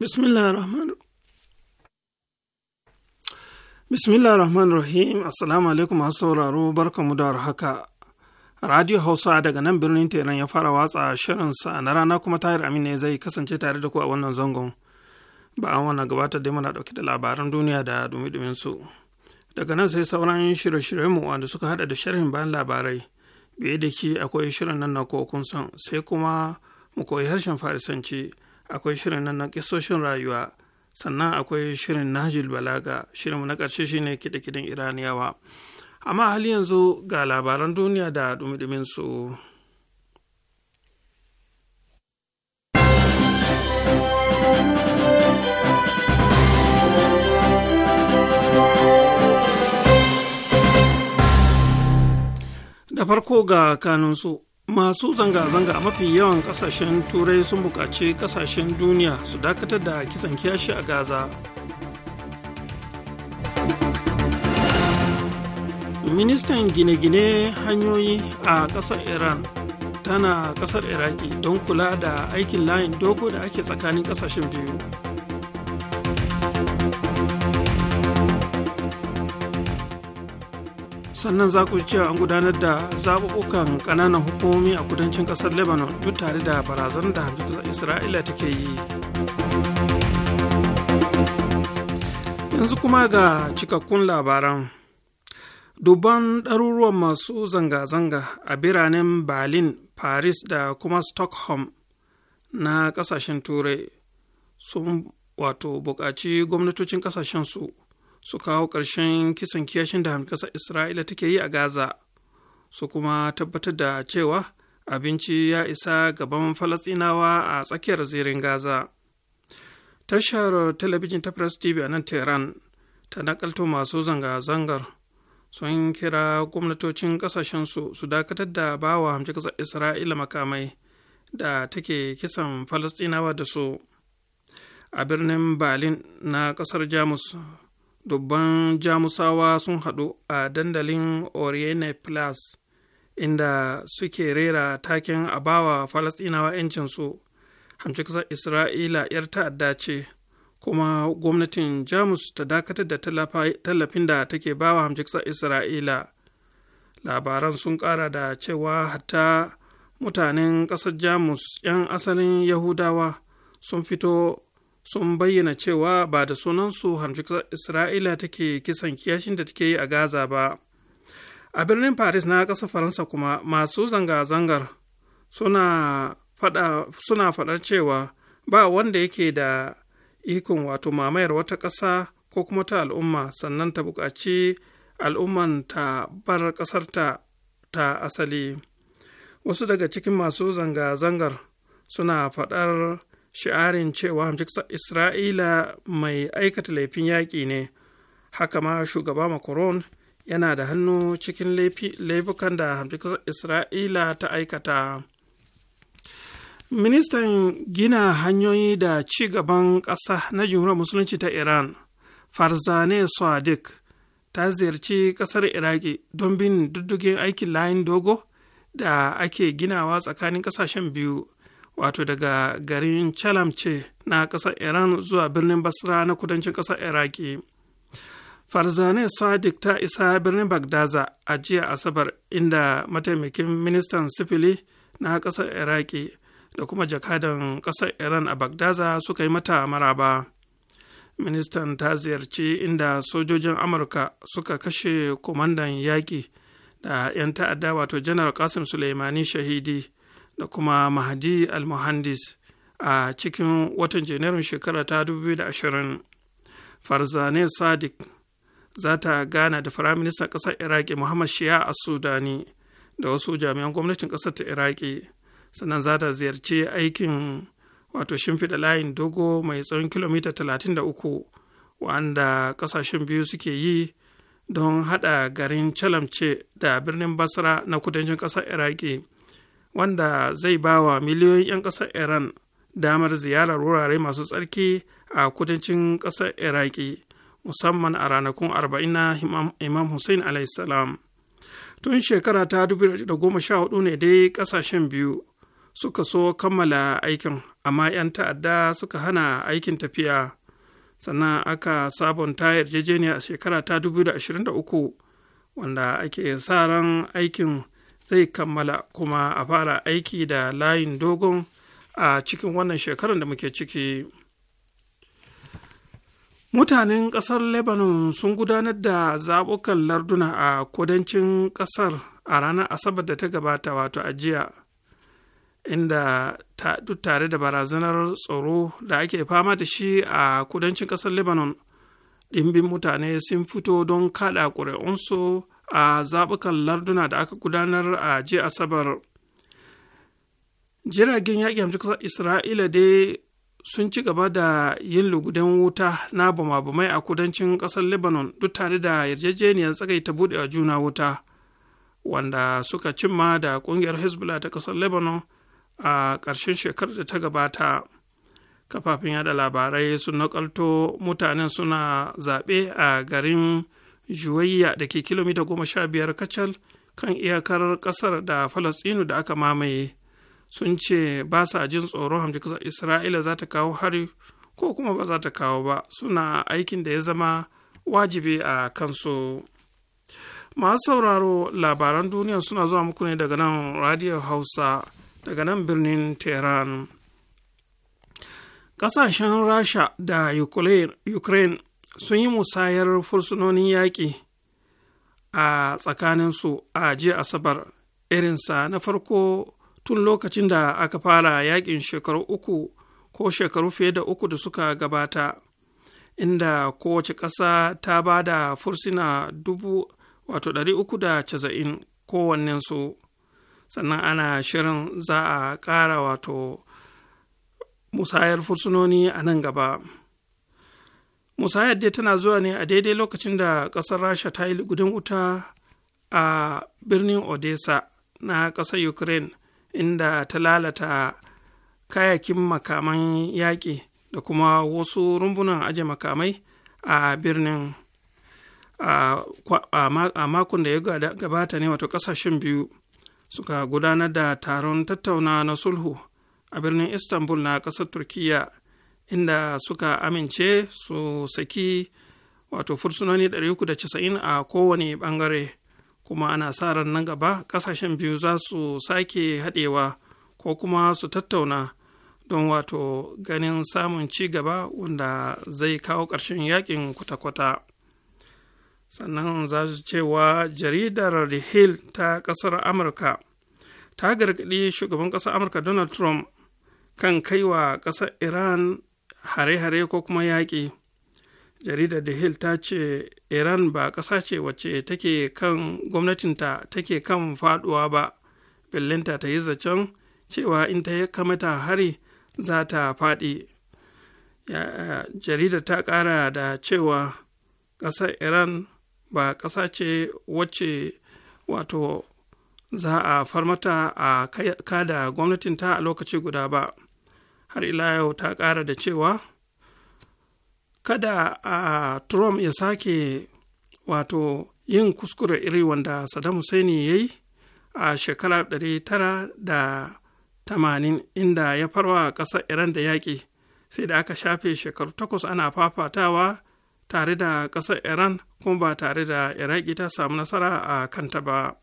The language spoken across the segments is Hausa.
bismillah rahman rahim assalamu alaikum masu sauraro barkamu da haka radio hausa daga nan birnin teran ya fara watsa shirinsa na rana kuma tahir amin ne zai kasance tare da ku a wannan zangon ba an wannan gabatar da muna dauke da labaran duniya da dumi su daga nan sai sauran shirye-shiryenmu wanda suka hada da sharhin bayan labarai biye da ki akwai shirin nan na kokun san sai kuma mu koyi harshen farisanci akwai shirin nan na kisoshin rayuwa sannan akwai shirin najil balaga shirinmu na ƙarshe shine kiɗe-kiɗen iraniyawa amma hali yanzu ga labaran duniya da dumi su. da farko ga kanunsu masu zanga-zanga mafi yawan kasashen turai sun buƙaci kasashen duniya su dakatar da kisan kiyashi a gaza ministan gine-gine hanyoyi a ƙasar iran tana ƙasar iraki don kula da aikin layin dogo da ake tsakanin kasashen biyu sannan za ku cewa an gudanar da zaɓuɓɓukan ƙananan hukumomi a kudancin ƙasar lebanon duk tare da barazanar da hamjikasar isra'ila take yi yanzu kuma ga cikakkun labaran dubban ɗaruruwan masu zanga-zanga a biranen berlin paris da kuma stockholm na ƙasashen turai sun wato buƙaci gwamnatocin ƙasashen su su kawo ƙarshen kisan kiyashin da hamkasa isra'ila take yi a gaza su kuma tabbatar da cewa abinci ya isa gaban falasinawa a tsakiyar zirin gaza tashar talabijin ta press tv a nan tehran ta nakalto masu zanga-zangar sun kira gwamnatocin ƙasashensu su dakatar da bawa hamci kasar isra'ila makamai da take kisan falastinawa da su a birnin berlin na kasar jamus dubban jamusawa sun haɗu a dandalin oriene plus inda suke rera taken abawa falasinawa 'yancinsu hamci kasar isra'ila 'yar ta'adda ce kuma gwamnatin jamus ta dakatar da tallafin da take bawa hamci isra'ila labaran sun ƙara da cewa hatta mutanen ƙasar jamus 'yan asalin yahudawa sun fito sun bayyana cewa ba da sunansu hamshi isra'ila take kisan kiyashin da take yi a gaza ba a birnin paris na ƙasar faransa kuma masu zanga-zangar suna faɗar cewa ba wanda yake da ikon wato mamayar wata ƙasa ko kuma ta al'umma sannan ta buƙaci al'umman ta bar ƙasarta ta asali wasu daga cikin masu zanga-zangar suna faɗar shi'arin cewa hamjiksa isra'ila mai aikata laifin yaƙi ne haka ma shugaba macron yana da hannu cikin laifukan da hamjiksa isra'ila ta aikata ministan gina hanyoyi da ci gaban ƙasa na jumhuriyar musulunci ta iran farzane sadiq ta ziyarci ƙasar iraki don bin diddigin aikin layin dogo da ake ginawa tsakanin ƙasashen biyu wato daga garin Chalamce na ƙasar Iran zuwa birnin Basra na kudancin ƙasar Iraki. Farzane Sadiq ta isa birnin Bagdaza a jiya Asabar inda mataimakin ministan sifili na ƙasar Iraki da kuma jakadan ƙasar Iran a Bagdaza suka yi mata maraba. Ministan ta ziyarci inda sojojin Amurka suka kashe kwamandan yaƙi da 'yan ta'adda wato Janar Qasim Suleimani Shahidi. da kuma mahdi al a cikin watan janairun shekara ta 2020 farzane sadiq za ta gana da firaministan ƙasar iraki muhammad shia a sudani da wasu jami'an gwamnatin ƙasar ta iraki sannan za ta ziyarci aikin wato shimfiɗa layin dogo mai tsawon kilomita 33 wanda ƙasashen biyu suke yi don haɗa garin calamce da birnin basra na kudancin ƙasar iraki wanda zai ba wa miliyoyin 'yan ƙasar iran damar ziyarar wurare masu tsarki a kudancin ƙasar iraki musamman a ranakun 40 na imam hussein salam tun shekara ta 2014 ne dai ƙasashen biyu suka so kammala aikin amma 'yan ta'adda suka hana aikin tafiya sannan aka sabonta yarjejeniya a shekara ta 2023 wanda ake sa ran aikin zai kammala kuma a fara aiki da layin dogon a cikin wannan shekarar da muke ciki mutanen ƙasar lebanon sun gudanar da zaɓukan larduna a kudancin ƙasar a ranar asabar da ta gabata wato a jiya inda duk tare da barazanar tsaro da ake fama da shi a kudancin ƙasar lebanon ɗimbin mutane sun fito don kaɗa ƙuri'unsu a zaɓukan larduna da aka gudanar a jiya asabar jiragen yaƙi hamsin kusa isra'ila dai sun ci gaba da yin lugudan wuta na bama-bamai a kudancin ƙasar lebanon duk tare da yarjejeniyar ta buɗe a juna wuta wanda suka cimma da ƙungiyar hezbollah ta ƙasar lebanon a ƙarshen shekarar da ta gabata kafafen yada labarai sun nakalto mutanen suna zaɓe a garin juwayya da ke kilomita goma sha biyar kacal kan iyakar ƙasar da falastinu da aka mamaye sun ce ba sa jin tsoro hamji ƙasar isra'ila za ta kawo hari ko kuma ba za ta kawo ba suna aikin da ya zama wajibi a kansu masu sauraro labaran duniya suna zuwa muku ne daga nan radio hausa daga nan birnin tehran ƙasashen rasha da ukraine sun yi musayar fursunonin yaƙi a tsakaninsu a jiya asabar irinsa na farko tun lokacin da aka fara yaƙin shekaru uku ko shekaru fiye da uku da suka gabata inda kowace ƙasa ta ba da fursuna dubu wato ɗari uku da casa'in kowannensu sannan ana shirin za a ƙara wato musayar fursunoni a nan gaba. musayar dai tana zuwa ne a daidai lokacin da ƙasar rasha ta yi gudun wuta a birnin odessa na ƙasar ukraine inda ta lalata kayakin makaman yaƙi da kuma wasu rumbunan aje makamai a birnin a makon da ya gabata ne wato ƙasashen biyu suka gudanar da taron tattauna na sulhu a birnin istanbul na ƙasar turkiyya inda suka amince su saki wato fursunoni 390 a kowane bangare kuma ana sa ran nan gaba kasashen biyu za su sake haɗewa ko kuma su tattauna don wato ganin samun ci gaba wanda zai kawo ƙarshen yakin kwata-kwata sannan za su cewa jaridar the hill ta ƙasar amurka ta gargaɗi shugaban ƙasar amurka donald trump kan kaiwa ƙasar iran hare-hare ko kuma yaƙi jaridar the hill ta ce iran ba ƙasa ce wacce take kan gwamnatinta take kan faduwa ba bellinta ta yi zaton cewa in ta kamata hari za ta faɗi jaridar ta ƙara da cewa ƙasar iran ba ƙasa ce wacce wato za a farmata a kada gwamnatinta a lokaci guda ba har ila yau ta ƙara da cewa kada a trump ya sake wato yin kuskure iri wanda saddam hussein ya yi a shekara 1980 inda ya farwa ƙasar iran da yaƙi sai da aka shafe shekaru takwas ana fafatawa tare da ƙasar iran kuma ba tare da iraki ta samu nasara a kanta ba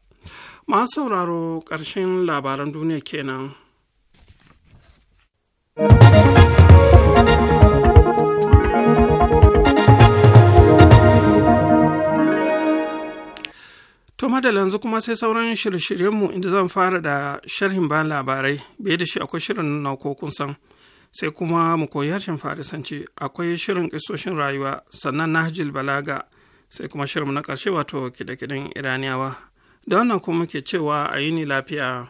masu sauraro ƙarshen labaran duniya kenan. To madalla yanzu kuma sai sauran shirye-shiryenmu inda zan fara da sharhin ba labarai, bai da shi akwai shirin na kun san, sai kuma mu koyi harshen farisanci akwai shirin kisoshin rayuwa sannan nahjil balaga sai kuma shirin na ƙarshe wato kidakidan iraniyawa. Da wannan kuma muke cewa a yi ni lafiya.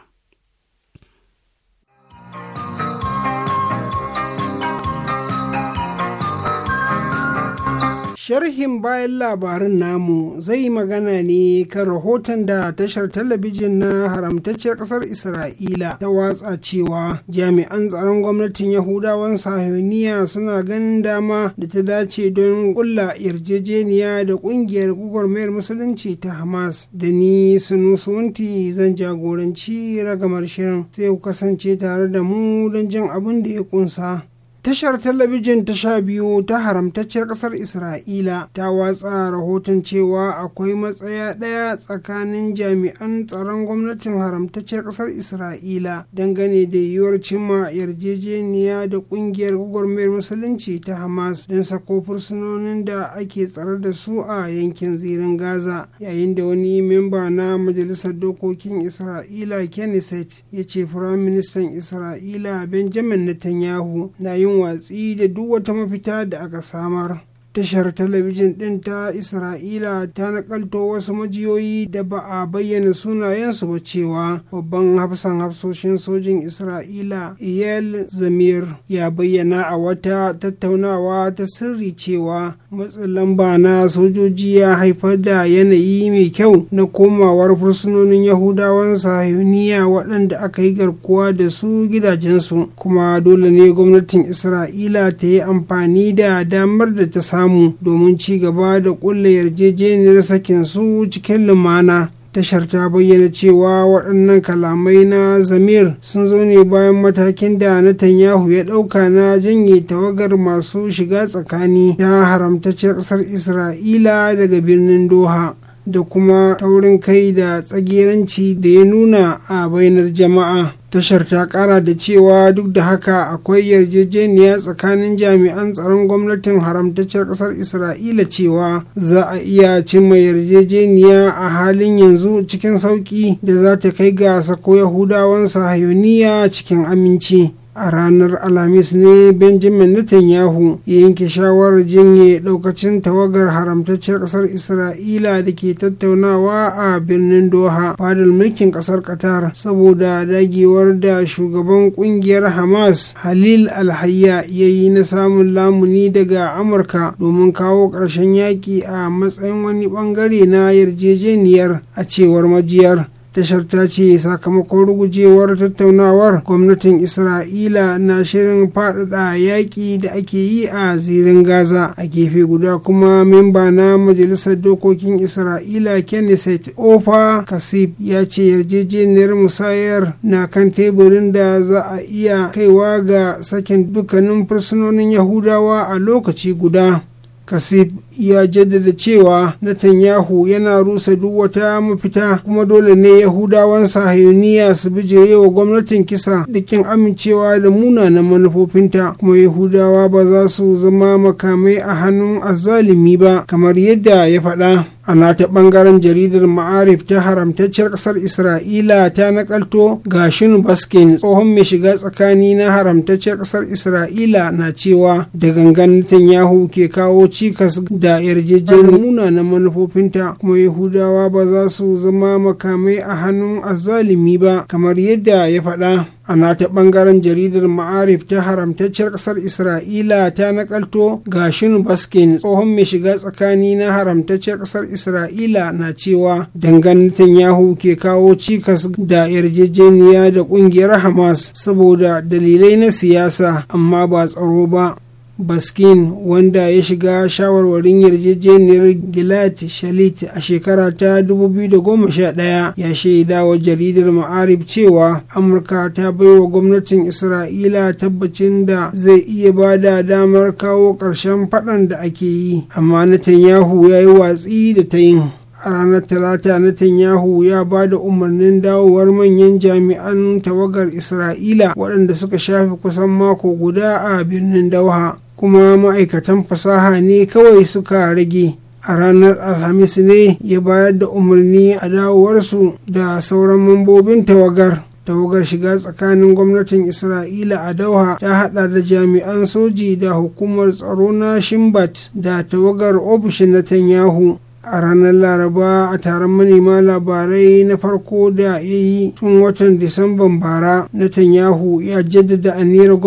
Sharhin bayan labarin namu zai magana ne kan rahoton da tashar talabijin na haramtacciyar ƙasar Isra'ila ta watsa cewa jami'an tsaron gwamnatin Yahudawan Sahiyoniya suna ganin dama da ta dace don kulla yarjejeniya da ƙungiyar mayar musulunci ta Hamas da ni sunusunti zan jagoranci ragamar shirin sai ku kasance tare da mu don jin abin da ya ƙunsa. tashar talabijin ta sha biyu ta haramtacciyar ƙasar isra'ila ta watsa rahoton cewa akwai matsaya ɗaya tsakanin jami'an tsaron gwamnatin haramtacciyar ƙasar isra'ila dangane da yiwuwar cimma yarjejeniya da ƙungiyar gwagwarmayar musulunci ta hamas don sako fursunonin da ake tsare da su a yankin zirin gaza yayin da wani memba na majalisar dokokin isra'ila kenneth ya ce firaministan isra'ila benjamin netanyahu na yi yin watsi da duk wata mafita da aka samar tashar talabijin ɗin ta isra'ila ta nakalto wasu majiyoyi da ba a bayyana sunayensu ba cewa babban hafsan hafsoshin sojin isra'ila iyel zamir ya bayyana a wata tattaunawa ta sirri cewa matsin lamba na sojoji ya haifar da yanayi mai kyau na komawar fursunonin yahudawan sahiyuniya waɗanda aka yi garkuwa da su gidajensu kuma dole ne gwamnatin isra'ila ta yi amfani da damar da ta samu samu domin ci gaba da kulle yarjejeniyar sakin su cikin lumana tashar ta bayyana cewa waɗannan kalamai na zamir sun zo ne bayan matakin da Netanyahu ya ɗauka na janye tawagar masu shiga tsakani ta haramtacciyar ƙasar isra'ila daga birnin doha da kuma taurin kai da tsagiranci da ya nuna a bainar jama'a tashar ta kara da cewa duk da haka akwai yarjejeniya tsakanin jami'an tsaron gwamnatin haramtacciyar kasar isra'ila cewa za a iya cimma yarjejeniya a halin yanzu cikin sauki da za ta kai ga sako yahudawan sahayoniya cikin aminci a ranar alhamis ne benjamin netanyahu ya yanke shawarar jinye daukacin tawagar haramtacciyar kasar isra'ila da ke tattaunawa a birnin doha fadar mulkin kasar qatar saboda dagewar da shugaban kungiyar hamas halil alhayya ya yi na samun lamuni daga amurka domin kawo ƙarshen yaƙi a matsayin wani ɓangare na yarjejeniyar a cewar majiyar tashar ta ce sakamakon rugujewar tattaunawar gwamnatin isra'ila na shirin faɗaɗa yaƙi da ake yi a zirin gaza a gefe guda kuma memba na majalisar dokokin isra'ila kenneth ofa kasib ya ce yarjejeniyar musayar na kan teburin da za a iya kaiwa ga sakin dukkanin fursunonin yahudawa a lokaci guda kasif ya jaddada cewa Netanyahu yana rusa duk wata mafita kuma dole ne Yahudawan sahayuniya su bijire wa gwamnatin kisa da kin amincewa da munanan manufofinta kuma Yahudawa ba za su zama makamai a hannun azalimi ba kamar yadda ya faɗa. a nata bangaren jaridar ma'arif ta haramtacciyar kasar isra'ila ta nakalto gashin baskin tsohon mai shiga tsakani na haramtacciyar kasar isra'ila na cewa da gangan netanyahu ke kawo cikas da yarjejeniyar na manufofinta kuma yahudawa ba za su zama makamai a hannun azalimi ba kamar yadda ya faɗa a nata bangaren jaridar ma'arif ta haramtacciyar kasar isra'ila ta nakalto gashin baskin tsohon mai shiga tsakani na haramtacciyar kasar isra'ila na cewa dangantan yahu ke kawo cikas da yarjejeniya da kungiyar hamas saboda dalilai na siyasa amma ba tsaro ba baskin wanda ya shiga shawarwarin yarjejeniyar gilat shalit a shekara ta 2011 ya shaida wa jaridar ma'arib cewa amurka ta bai wa gwamnatin isra'ila tabbacin da zai iya ba da damar kawo ƙarshen faɗan da ake yi amma netanyahu ya yi watsi da ta yin a ranar talata na Tanyahu ya ba da umarnin dawowar manyan jami'an tawagar isra'ila waɗanda suka shafe kusan mako guda a birnin dauha kuma ma'aikatan fasaha ne kawai suka rage a ranar alhamis ne ya bayar da umarni a dawowarsu da sauran mambobin tawagar tawagar shiga tsakanin gwamnatin isra'ila a dauha ta hada da jami'an soji da hukumar tsaro na shimbat da tawagar ofishin netanyahu a ranar laraba a taron manema labarai na farko da ya yi tun watan disamban bara na tanyahu ya jaddada aniyar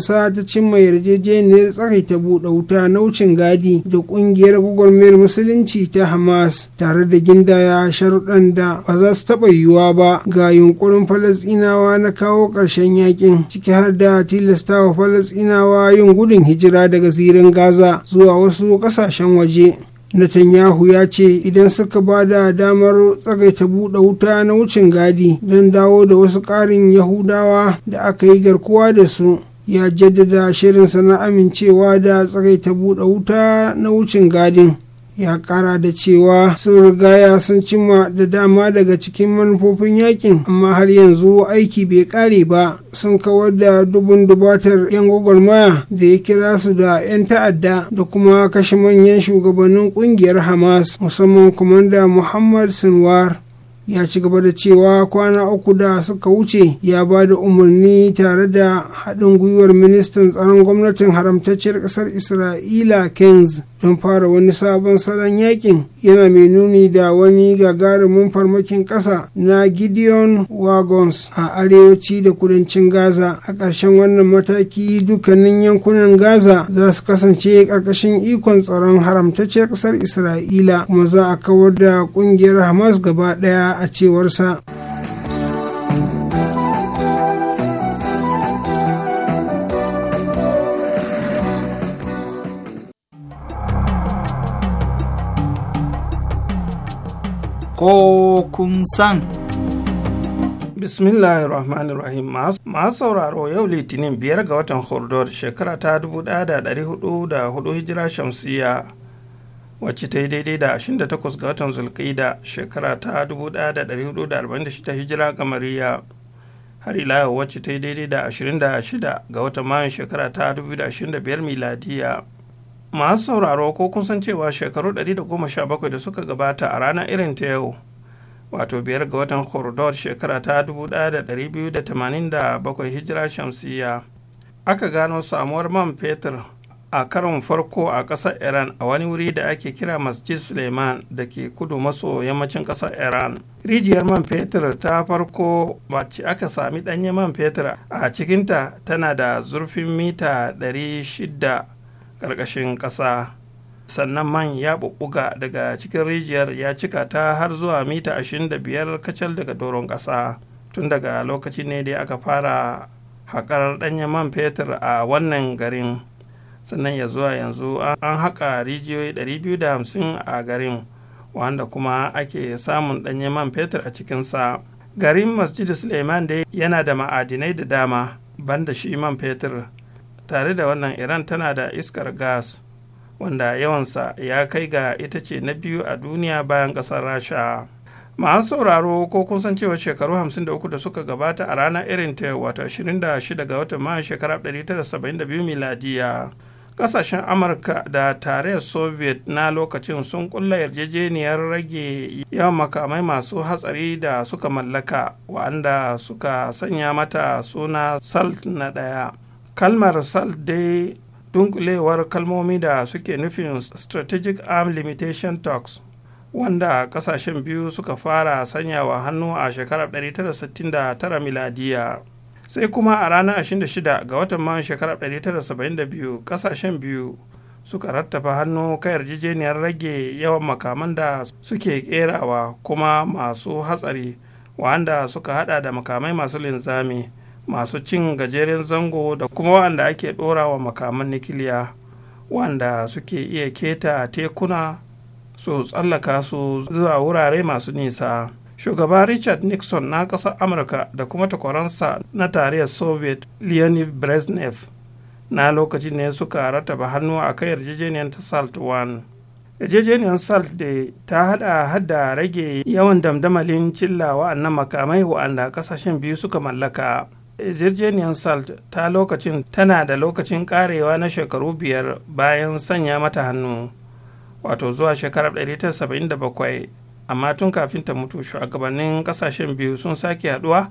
sa ta cimma yarjejeniyar tsakaita buɗe wuta na wucin gadi da ƙungiyar gwagwarmayar musulunci ta hamas tare da gindaya sharuɗan da ba za su taɓa yiwuwa ba ga yunkurin falasɗinawa na kawo ƙarshen yakin ciki har da tilastawa falasɗinawa yin gudun hijira daga zirin gaza zuwa wasu ƙasashen waje Netanyahu ya ce idan suka ba da damar tsagaita buɗe wuta na wucin gadi don dawo da wasu ƙarin Yahudawa da aka yi garkuwa da su ya jaddada shirinsa na amincewa da tsagaita buɗe wuta na wucin gadin. ya kara da cewa sun rigaya sun cimma da dama daga cikin manufofin yakin amma har yanzu aiki bai kare ba sun kawar da dubun dubatar yan gwagwarmaya da ya kira su da 'yan ta'adda da kuma kashe manyan shugabannin kungiyar hamas musamman kumanda muhammad sinwar ya ci gaba da cewa kwana uku da suka wuce ya ba da umarni tare da haɗin gwiwar ministan tsaron gwamnatin haramtacciyar ƙasar isra'ila kenz don fara wani sabon salon yakin yana mai nuni da wani gagarumin farmakin ƙasa na gideon wagons a arewaci da kudancin gaza a ƙarshen wannan mataki dukkanin yankunan gaza za su kasance ƙarƙashin ikon tsaron haramtacciyar ƙasar isra'ila kuma za a kawar da ƙungiyar hamas gaba ɗaya a cewarsa ko kun san. Rahim masu sauraro yau litinin biyar ga watan hordor shekara ta 1404 hijira shamsiyya wacce ta yi daidai da 28 ga watan zulkaida shekara ta 1446 hijira ga Mariya. har ila wacce ta yi daidai da 26 ga watan mayun shekara ta 2025 miladiya masu sauraro ko kun san cewa shekaru 117 da suka gabata a ranar irin ta yau wato biyar ga watan hordor shekara ta 1287 hijira shamsiya aka gano samuwar man fetur a karon farko a ƙasar iran a wani wuri da ake kira masjid suleiman da ke kudu maso yammacin ƙasar iran rijiyar man fetur ta farko wacce aka sami ɗanyen man fetur a cikinta tana da zurfin mita 600 ƙarƙashin ƙasa sannan man ya ɓuɓɓuga daga cikin rijiyar ya cika ta har zuwa mita 25 kacal daga doron ƙasa tun daga lokaci ne dai aka fara haƙar ɗanyen man fetur a wannan garin sannan ya zuwa yanzu an haƙa rijiyoyi 250 a garin wanda kuma ake samun ɗanye man fetur a cikinsa garin masjid suleiman dai yana da ma'adinai da dama banda shi man fetur tare da wannan iran tana da iskar gas wanda yawansa ya kai ga ita ce na biyu a duniya bayan ƙasar rasha masu sauraro ko kun san cewa shekaru 53 da suka gabata a ranar irin ta wata 26 ga watan mayan shekara 1972 miladiya kasashen amurka da tarayyar soviet na lokacin sun kulla yarjejeniyar rage yawan makamai masu hatsari da suka mallaka wanda suka sanya mata suna salt na ɗaya kalmar salt dai dunkulewar kalmomi da suke nufin strategic arm limitation talks wanda kasashen biyu suka fara sanyawa hannu a shekarar 1969 miladiya sai kuma a ranar 26 ga watan man shekarar 1972 kasashen biyu suka rattafa hannu kan yarjejeniyar rage yawan makaman da suke kerawa kuma masu hatsari wanda suka hada da makamai masu linzami masu cin gajeren zango da kuma wanda ake dora makaman nikiliya wanda suke iya keta tekuna su tsallaka su zuwa wurare masu nisa. shugaba richard nixon na ƙasar amurka da kuma takwaransa na tarayyar soviet leonid brezhnev na lokacin ne suka rataba hannu a kan yarjejeniyar ta salt 1 yarjejeniyar salt da ta hada hada rage yawan damdamalin cillawa na makamai wa'anda kasashen biyu suka mallaka yarjejeniyar salt ta lokacin tana da lokacin karewa na shekaru biyar bayan sanya mata hannu wato zuwa shekarar 1977 amma tun kafin ta mutu shugabannin kasashen biyu sun sake haduwa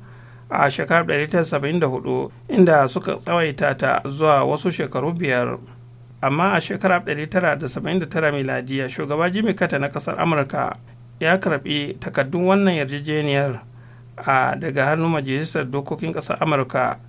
a shekarar 1974 inda suka tsawaita ta zuwa wasu shekaru biyar amma a shekarar 1979 miladiya shugaba jimmy carter na kasar amurka ya karbi takaddun wannan yarjejeniyar a daga hannun majalisar dokokin kasar amurka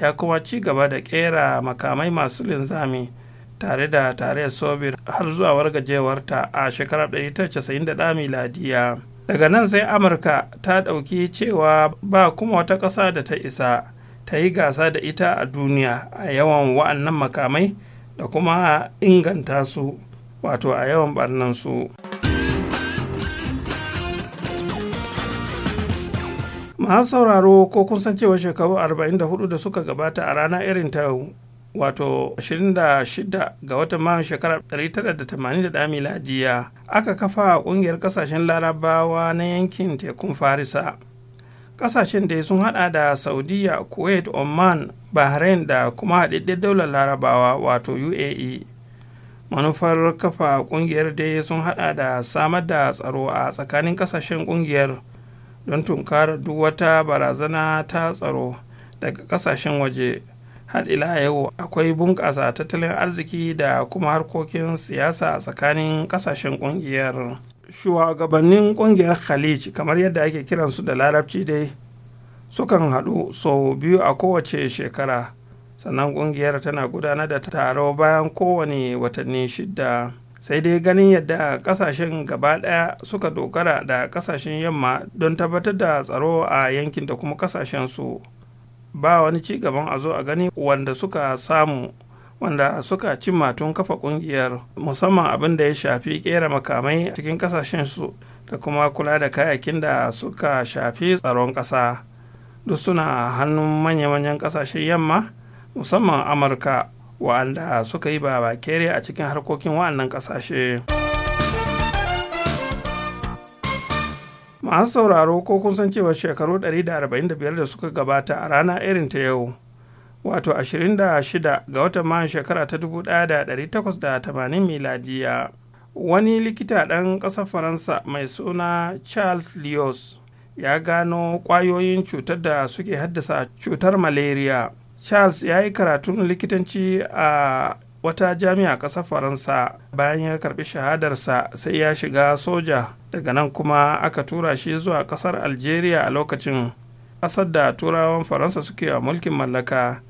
ya kuma ci gaba da kera makamai masu linzami tare da tarayyar sobir har zuwa wargajewarta a shekarar 1991 miladiya daga nan sai amurka ta ɗauki cewa ba kuma wata ƙasa da ta isa ta yi gasa da ita a duniya a yawan wa'annan makamai da kuma inganta su wato a yawan barnan su masu sauraro ko kun san cewa shekaru 44 da suka gabata a rana irin ta wato 26 ga watan man shekarar 1981 miladiya aka kafa ƙungiyar ƙasashen larabawa na yankin tekun farisa ƙasashen da sun hada da saudiya kuwait oman bahrain da kuma haɗaɗɗen daular larabawa wato uae manufar kafa ƙungiyar dai sun hada da samar da tsaro a tsakanin ƙasashen ƙungiyar don tunkarar duk wata barazana ta tsaro daga ƙasashen waje. har ila yau akwai bunƙasa tattalin arziki da kuma harkokin siyasa a tsakanin ƙasashen ƙungiyar shugabannin ƙungiyar khalij kamar yadda ake kiransu da larabci dai sukan haɗu sau biyu a kowace shekara sannan ƙungiyar tana gudanar da taro bayan kowane watanni shidda sai dai ganin yadda ƙasashen gaba ɗaya suka dogara da ƙasashen yamma don tabbatar da tsaro a yankin da kuma ƙasashen su ba wani ci gaban a zo a gani wanda suka samu wanda suka cimma tun kafa kungiyar musamman abin da ya shafi kera makamai cikin kasashen su da kuma kula da kayakin da suka shafi tsaron ƙasa duk suna hannun manya-manyan kasashen yamma musamman amurka wa'anda suka yi ba bakere a cikin harkokin wa'annan ƙasashe. kasashe masu sauraro ko kun san cewa shekaru 145 da suka gabata a rana irin ta yau wato 26 ga watan mayan shekara ta 1880 miladiya wani likita ɗan ƙasar faransa mai suna charles lios ya gano ƙwayoyin cutar da suke haddasa cutar malaria charles ya yi karatun likitanci a wata jami'a ƙasar faransa bayan ya karɓi shahadarsa sai ya shiga soja daga nan kuma aka tura shi zuwa ƙasar algeria a lokacin ƙasar da turawan faransa suke a mulkin mallaka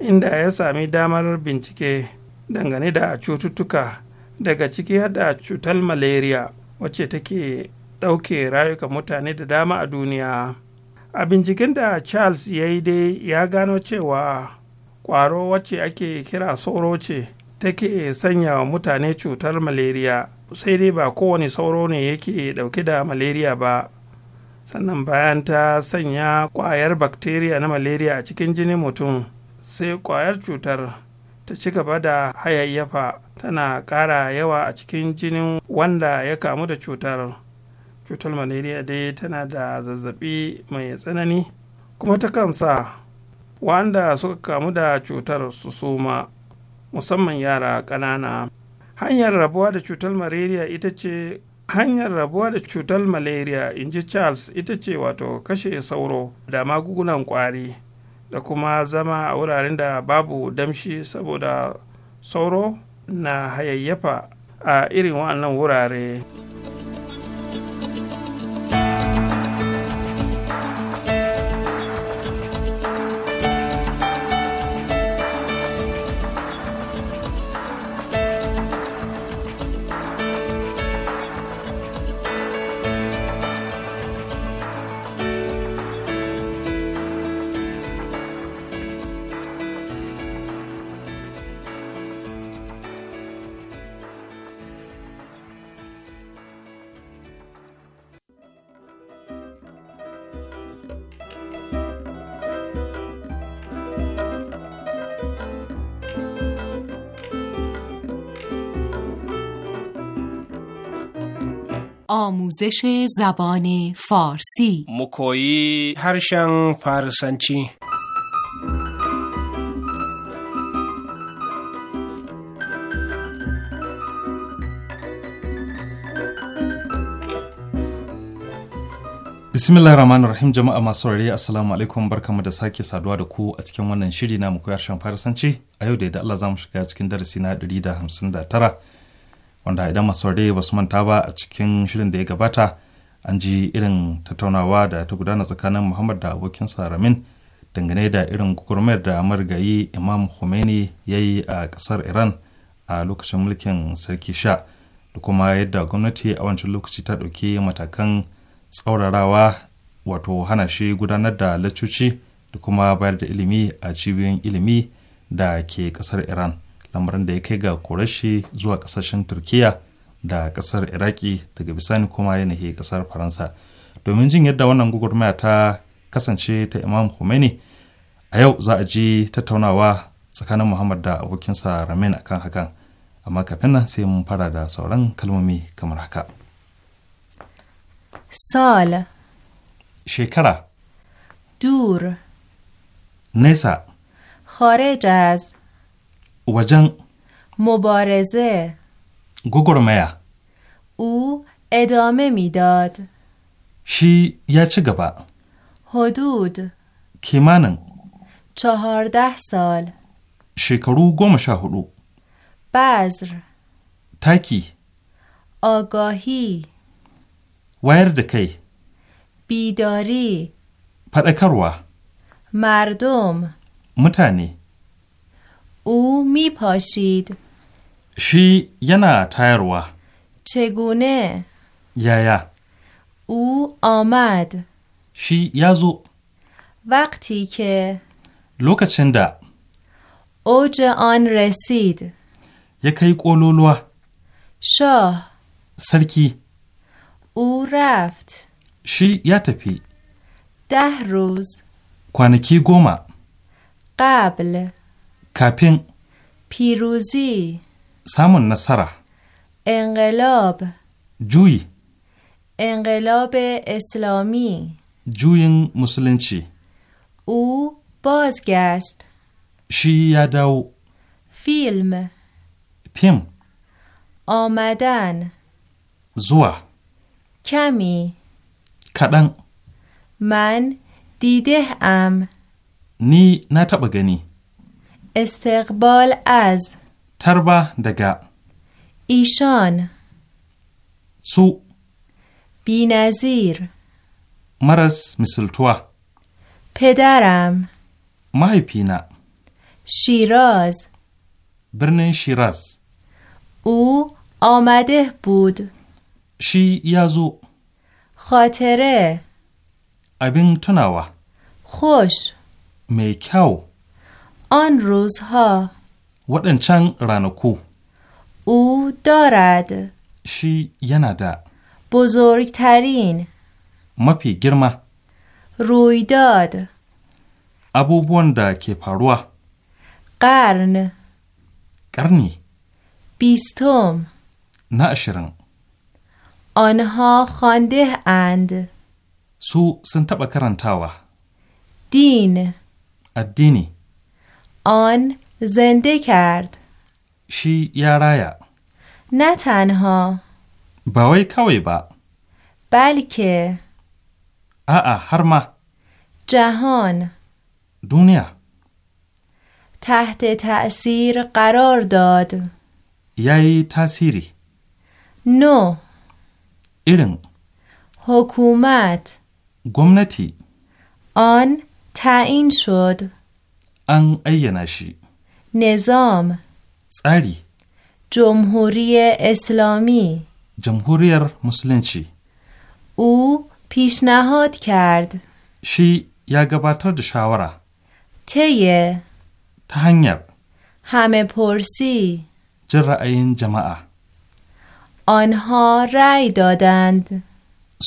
inda ya sami damar bincike dangane da cututtuka daga ciki hada cutar malaria wacce take ɗauke rayuka mutane da dama a duniya a binciken da charles ya yi dai ya gano cewa ƙwaro wacce ake kira soro ce take sanya wa mutane cutar malaria sai dai ba kowane sauro ne yake ɗauke da malaria ba sannan bayan ta sanya kwayar bakteriya na malaria a cikin jinin mutum sai kwayar cutar ta ci gaba da hayayyafa tana ƙara yawa a cikin jinin wanda ya kamu da cutar cutar malaria dai tana da zazzabi mai tsanani kuma ta kansa wanda suka kamu da cutar su suma musamman yara ƙanana hanyar rabuwa da cutar malaria ita ce hanyar rabuwa da cutar malaria in ji charles ita ce wato kashe sauro da magungunan kwari da kuma zama a wuraren da babu damshi saboda sauro na hayayyafa a irin wannan wurare. آموزش زبان فارسی مکویی هرشن فارسنچی bismillah rahman rahim jama'a masu saurari assalamu alaikum barkamu da sake saduwa da ku a cikin wannan shiri na muku harshen farisanci a yau da yadda Allah za mu shiga cikin darasi na 159 wanda idan masaure ba su manta ba a cikin shirin da ya gabata an ji irin tattaunawa da ta gudana tsakanin muhammad da abokin saramin dangane da irin gwagwarmayar da marigayi imam khomeini ya yi a kasar iran a lokacin mulkin sarki sha da kuma yadda gwamnati a wancan lokaci ta ɗauki matakan tsaurarawa wato hana shi gudanar da lacuci da kuma bayar da ilimi a cibiyoyin ilimi da ke kasar iran lamarin da ya kai ga korashi zuwa kasashen turkiya da kasar iraki daga bisani kuma yanayi kasar faransa domin jin yadda wannan gugurmaya ta kasance ta imam khomeini a yau za a ji tattaunawa tsakanin muhammad da abokinsa ramin akan hakan amma kafin nan sai mun fara da sauran kalmomi kamar haka sal shekara dur nesa خارج وجن مبارزه گوگرمیا او ادامه میداد شی یا چی گبا حدود کیمانن چهارده سال شکرو گم شهرو بذر تکی آگاهی ویردکی بیداری پرکروا مردم متانی او می پاشید شی ینا تایروا چگونه یایا او آمد شی یازو وقتی که لوکچن دا اوج آن رسید یکی قولولوا شاه سرکی او رفت شی یا تپی ده روز کوانکی گوما قبل kafin firuzi samun nasara Enqilob. juyi Enqilob islami juyin musulunci u bozgast shi ya dawo film fim omadan zuwa kami kaɗan man dide am ni na taɓa gani استقبال از تربه دگه ایشان سو بینظیر مرس مثل تو پدرم پینا شیراز برن شیراز او آمده بود شی یازو خاطره ابین تناوه خوش میکاو آن روزها چند رانوکو او دارد شی ینا بزرگترین مپی گرما رویداد abubuwan که که قرن قرنی Ƙarni. Bistom. آنها خانده اند سو سنتبه کرن تاوه دین الدینی آن زنده کرد شی یا رایا نه تنها باوی کوی با بلکه آ هر ما جهان دنیا تحت تأثیر قرار داد یای تأثیری نو ایرن حکومت گمنتی آن تعیین شد ان اینا شی نظام ساری جمهوری اسلامی جمهوریر مسلمچی او پیشنهاد کرد شی یا گباتر شاوره تیه ta همه پرسی jin ra'ayin جماعه آنها رأی دادند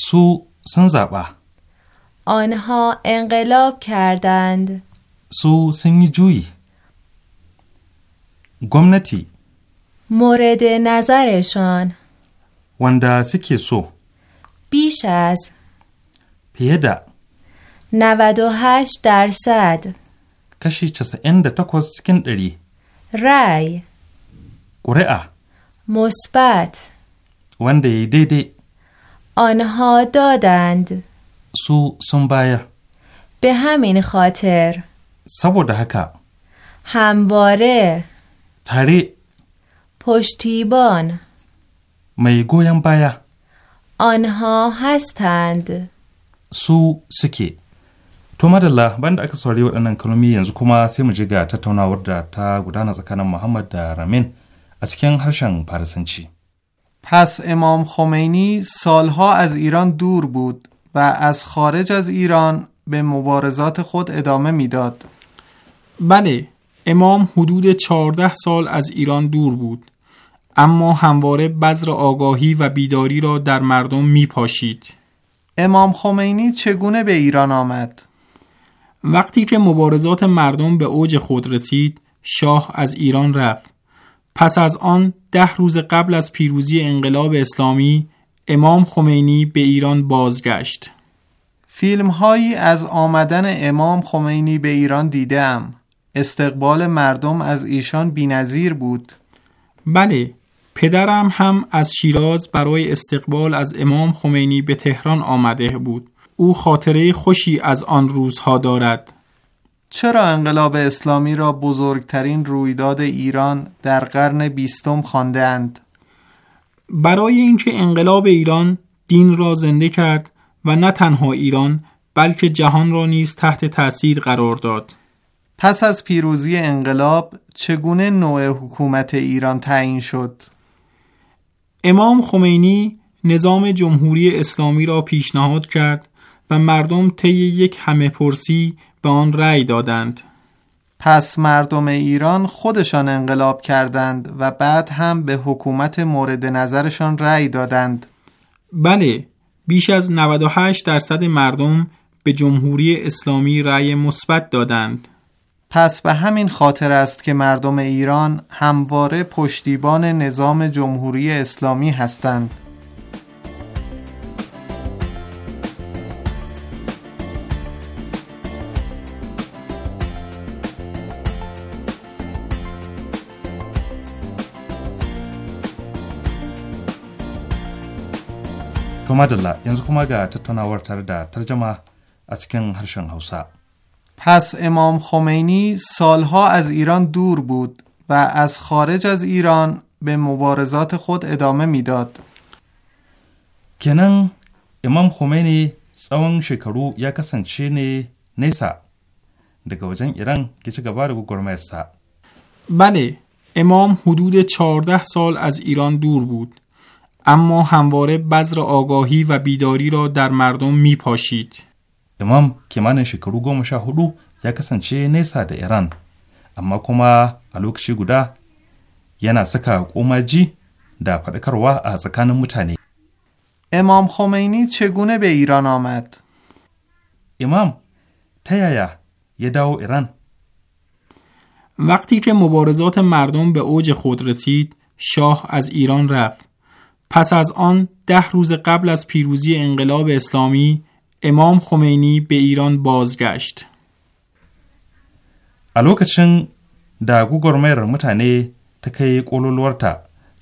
سو sun آنها انقلاب کردند سو سنی جویی گمنتی مورد نظرشان وندا سکی سو بیش از پیدا 98 درصد کشی چسا اند تکوز سکن داری رای قرعه مثبت ونده ی دیدی آنها دادند سو سنبایر به همین خاطر saboda haka hambare tare pushtiban mai goyon baya anha hastand su suke to madalla banda aka saurari waɗannan kalmomi yanzu kuma sai mu ji ga tattaunawar da ta gudana tsakanin Muhammad da Ramin a cikin harshen Farisanci پس امام خمینی سالها از ایران دور بود و از خارج از ایران به مبارزات خود ادامه میداد. بله امام حدود 14 سال از ایران دور بود اما همواره بذر آگاهی و بیداری را در مردم می پاشید امام خمینی چگونه به ایران آمد؟ وقتی که مبارزات مردم به اوج خود رسید شاه از ایران رفت پس از آن ده روز قبل از پیروزی انقلاب اسلامی امام خمینی به ایران بازگشت فیلم هایی از آمدن امام خمینی به ایران دیدم استقبال مردم از ایشان بینظیر بود بله پدرم هم از شیراز برای استقبال از امام خمینی به تهران آمده بود او خاطره خوشی از آن روزها دارد چرا انقلاب اسلامی را بزرگترین رویداد ایران در قرن بیستم خواندهاند برای اینکه انقلاب ایران دین را زنده کرد و نه تنها ایران بلکه جهان را نیز تحت تأثیر قرار داد پس از پیروزی انقلاب چگونه نوع حکومت ایران تعیین شد؟ امام خمینی نظام جمهوری اسلامی را پیشنهاد کرد و مردم طی یک همه پرسی به آن رأی دادند. پس مردم ایران خودشان انقلاب کردند و بعد هم به حکومت مورد نظرشان رأی دادند. بله، بیش از 98 درصد مردم به جمهوری اسلامی رأی مثبت دادند. پس به همین خاطر است که مردم ایران همواره پشتیبان نظام جمهوری اسلامی هستند To madalla yanzu kuma ga tattaunawar tare da tarjama a cikin پس امام خمینی سالها از ایران دور بود و از خارج از ایران به مبارزات خود ادامه میداد. کنن امام خمینی سوان شکرو یا کسان چینی نیسا daga ایران ایران کسی گبار بله امام حدود 14 سال از ایران دور بود اما همواره بذر آگاهی و بیداری را در مردم می پاشید. امام کیمانین شیکرو گوم شا هدو یا کسنچه نیسا د ایران اما کوما ا لوکچی گودا ینا سکه کوماجی د فدکر و ا سکانین متانه امام خمینی چگونه به ایران آمد امام ت یه داوو ایران وقتی که مبارزات مردم به اوج خود رسید شاه از ایران رفت پس از آن ده روز قبل از پیروزی انقلاب اسلامی امام خمینی به ایران بازگشت a lokacin da gugurmayar mutane ta kai ƙololuwarta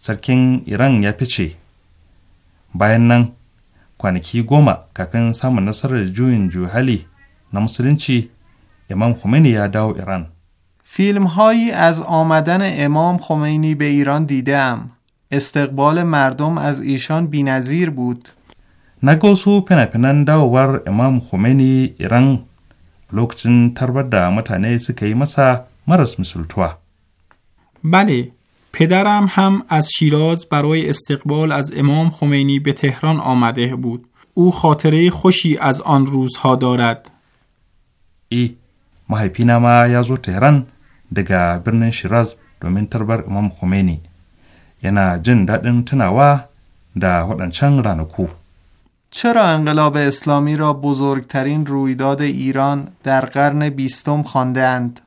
sarkin iran ya fice bayan nan kwanaki goma kafin samun nasarar juyin juhali na musulunci Imam Khomeini ya dawo Iran. فیلم هایی از آمدن امام خمینی به ایران دیدم استقبال مردم از ایشان بینظیر بود na ga wasu fina-finan dawowar imam Khomeini iran lokacin tarbar da mutane suka yi masa maras misultuwa بله ham as از شیراز برای as imam امام خمینی به تهران آمده بود u خاطره خوشی از آن روزها دارد ای mahaifina ma ya zo Tehran daga birnin Shiraz domin tarbar Imam Khomeini. Yana jin daɗin tunawa da waɗancan ranaku. چرا انقلاب اسلامی را بزرگترین رویداد ایران در قرن بیستم خانده اند؟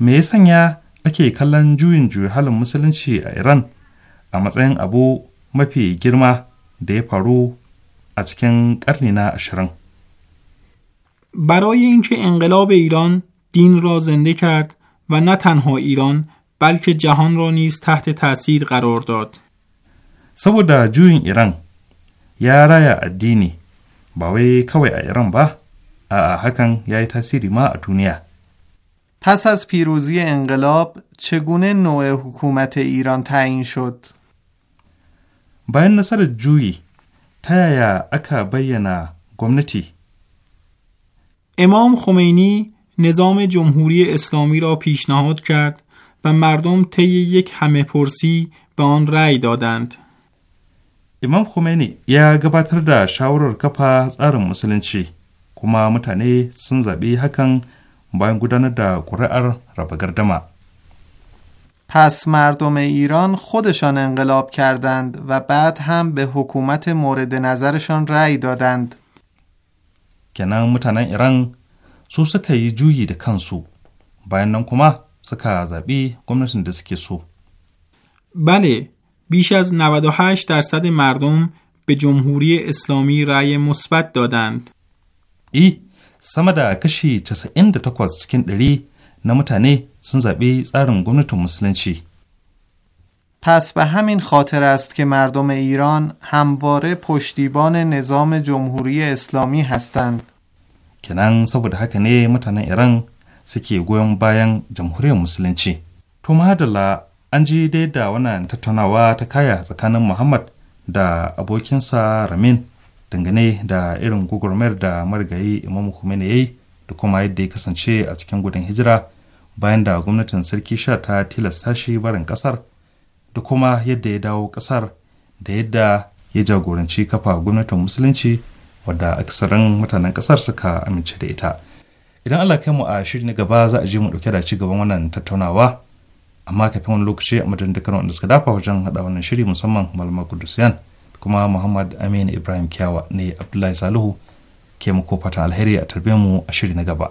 می سنگه کلن جوین جوی حال مسلم چی ایران اما زین ابو مپی گرما ده پارو از کن قرنی برای اینکه انقلاب ایران دین را زنده کرد و نه تنها ایران بلکه جهان را نیز تحت تاثیر قرار داد سبودا جوین ایران ya raya addini ba wai kawai a Iran ba, a'a hakan ya yi tasiri ma پس از پیروزی انقلاب چگونه نوع حکومت ایران تعیین شد؟ باین نصر جویی تایا اکا بینا گمنتی امام خمینی نظام جمهوری اسلامی را پیشنهاد کرد و مردم طی یک همه پرسی به آن رأی دادند. Imam Khomeini ya gabatar da shawarar kafa tsarin musulunci kuma mutane sun zaɓi hakan bayan gudanar da ƙuri'ar raba gardama. پس مردم ایران خودشان انقلاب کردند و بعد هم به حکومت مورد نظرشان رأی دادند. کنان متنان ایران سو سکه ی جویی ده کنسو باین نم کما سکه عذابی گمنتن دسکی سو. بله بیش از 98 درصد مردم به جمهوری اسلامی رأی مثبت دادند. ای سما کشی چس این دا تاکوز چکین داری نمو تانی سنزا بی گونه پس به همین خاطر است که مردم ایران همواره پشتیبان نظام جمهوری اسلامی هستند. کنان سبود بده هکنه مطانه ایران سکی گویم باین جمهوری مسلمچی تو مهد an ji dai da wannan tattaunawa ta kaya tsakanin muhammad da abokinsa ramin dangane da irin gugurmayar da marigayi imam khomeini ya yi da kuma yadda ya kasance a cikin gudun hijira bayan da gwamnatin sarki sha ta tilasta shi barin kasar da kuma yadda ya dawo kasar da yadda ya jagoranci kafa gwamnatin musulunci wadda aksarin mutanen kasar suka amince da ita idan allah kai mu a shirin gaba za a je mu dauke da ci gaban wannan tattaunawa amma kafin wani lokaci a madadin dukkan wanda suka dafa wajen haɗa wannan shiri musamman malama kudusiyan kuma muhammad amin ibrahim kyawa ne abdullahi salihu ke muku fatan alheri a tarbe mu a shiri na gaba.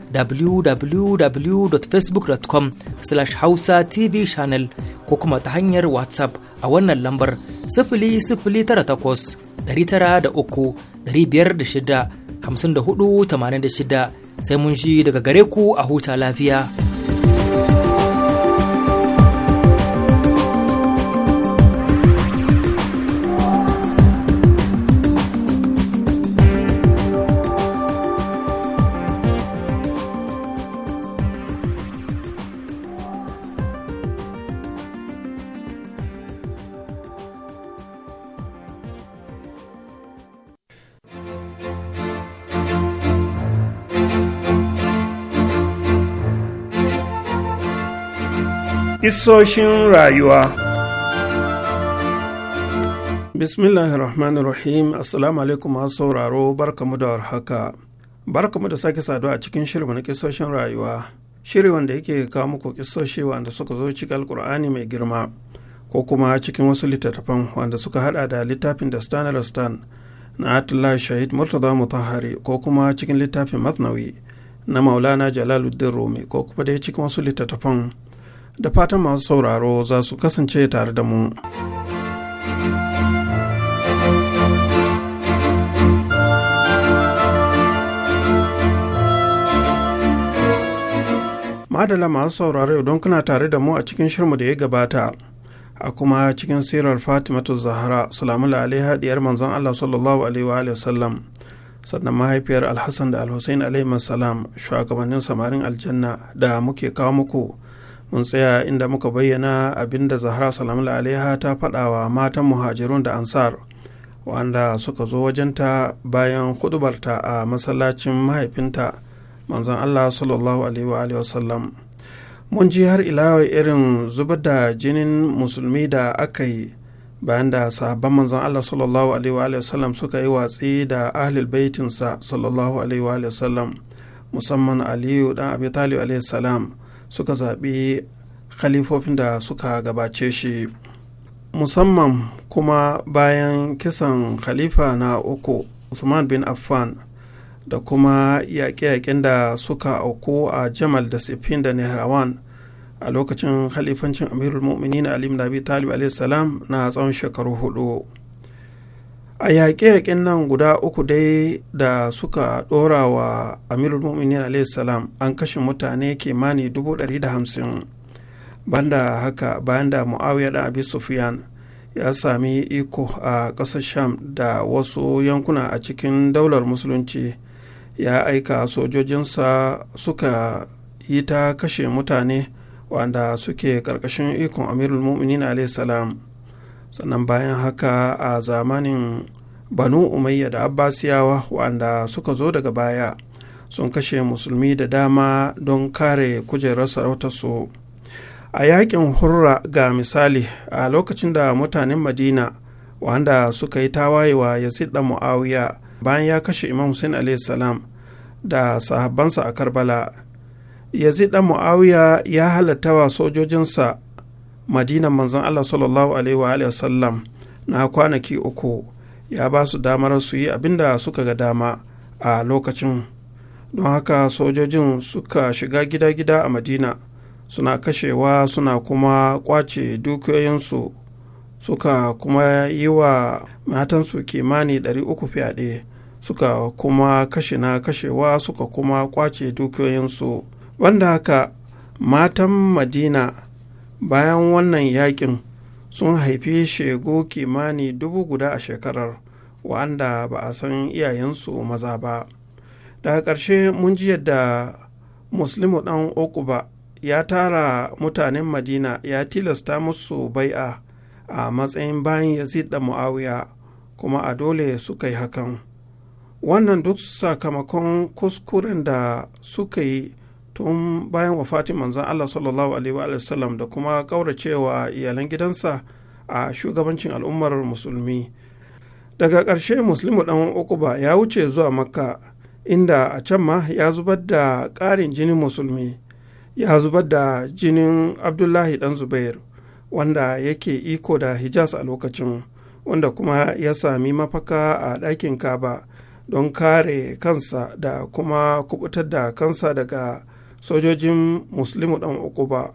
www.facebook.com slash hausa tv channel ko kuma ta hanyar whatsapp a wannan lambar takwas, tara da shida, da hudu, tamanin da shida sai mun shi daga gare ku a huta lafiya. Isoshin rayuwa. Bismillahirrahmanirrahim Assalamu alaikum masu sauraro barkamu da warhaka. Barkamu da sake saduwa a cikin shirin na kisoshin rayuwa. Shiri wanda yake kawo muku kisoshi wanda suka zo cikin Alkur'ani mai girma ko kuma cikin wasu littattafan wanda suka hada da littafin da Stan Stan na Atullah Shahid Murtaza Mutahari ko kuma cikin littafin Masnawi na Maulana Jalaluddin Rumi ko kuma dai cikin wasu littattafan da fatan masu sauraro za su kasance tare da mu. Madala masu sauraro don kuna tare da mu a cikin shirmu da ya gabata. a kuma cikin sirar fatimatu zahara salamu alaiha diyar manzon allah sallallahu alaihi wa sallam sannan mahaifiyar alhassan da alhussein alaihi salam shugabannin samarin aljanna da muke kawo muku mun tsaya inda muka bayyana abin da zahra salamu alaiha ta faɗawa matan muhajirun da ansar wanda suka zo wajenta bayan hudubarta a masallacin mahaifinta manzon allah sallallahu alaihi wasallam mun ji har ilawa irin zubar da jinin musulmi da aka yi bayan da sahabban manzon allah sallallahu alaihi wasallam suka yi watsi da ahlul baitinsa sallallahu alaihi wasallam musamman aliyu dan abi talib alaihi salam suka zaɓi khalifofin da suka gabace shi musamman kuma bayan kisan khalifa na uku usman bin affan da kuma yaƙe-yaƙen da suka auku a jamal da siffin da nehrawan a lokacin khalifancin amirul mu'minin ali ibn abi talib na tsawon shekaru hudu a yaƙe-yaƙen nan guda uku dai da suka ɗora wa amirul muminin salam an kashe mutane kimani dubu ɗari da hamsin banda haka bayan da muawiya da abi sufiyan ya sami iko a ƙasar sham da wasu yankuna a cikin daular musulunci ya aika sojojinsa suka yi ta kashe mutane wanda suke ƙarƙashin ikon amirul muminin salam sannan bayan haka a zamanin banu umayya da abbasiyawa wanda suka zo daga baya sun kashe musulmi da dama don kare kujerar sarautarsu a yakin hurra ga misali a lokacin da mutanen madina wanda suka yi tawayewa ya da mu'awiya bayan ya kashe imam hussein a.s. da sahabbansa a karbala yazid da mu'awiya ya halatta wa sojojinsa madinan manzon allah sallallahu alaihi wa sallam na kwanaki uku ya ba su damar su yi abin da suka ga dama a lokacin don haka sojojin suka shiga gida-gida a madina suna kashewa suna kuma kwace dukiyoyinsu suka kuma yi wa matansu kimani 300 fyaɗe suka kuma kashe na kashewa suka kuma kwace dukiyoyinsu wanda haka matan madina bayan wannan yakin sun haifi shegu kimani dubu guda a shekarar wa'anda ba a san iyayensu maza ba daga ƙarshe mun ji yadda muslimu ɗan okuba ya tara mutanen madina ya tilasta musu bai'a a matsayin bayan yazid da mu'awiya kuma a dole suka yi hakan wannan duk sakamakon kuskuren da suka yi tun bayan wafatin manzan Allah sallallahu alaihi wa sallam da kuma ƙauracewa iyalan gidansa a shugabancin al'ummar musulmi daga ƙarshe muslimu ɗan ukuba ya wuce zuwa makka inda a can ma ya zubar da ƙarin jinin musulmi ya zubar da jinin abdullahi ɗan zubair wanda yake iko da hijas a lokacin wanda kuma ya sami mafaka a ɗakin kaba don kare kansa da kuma kubutar da kansa daga sojojin muslimu dan ba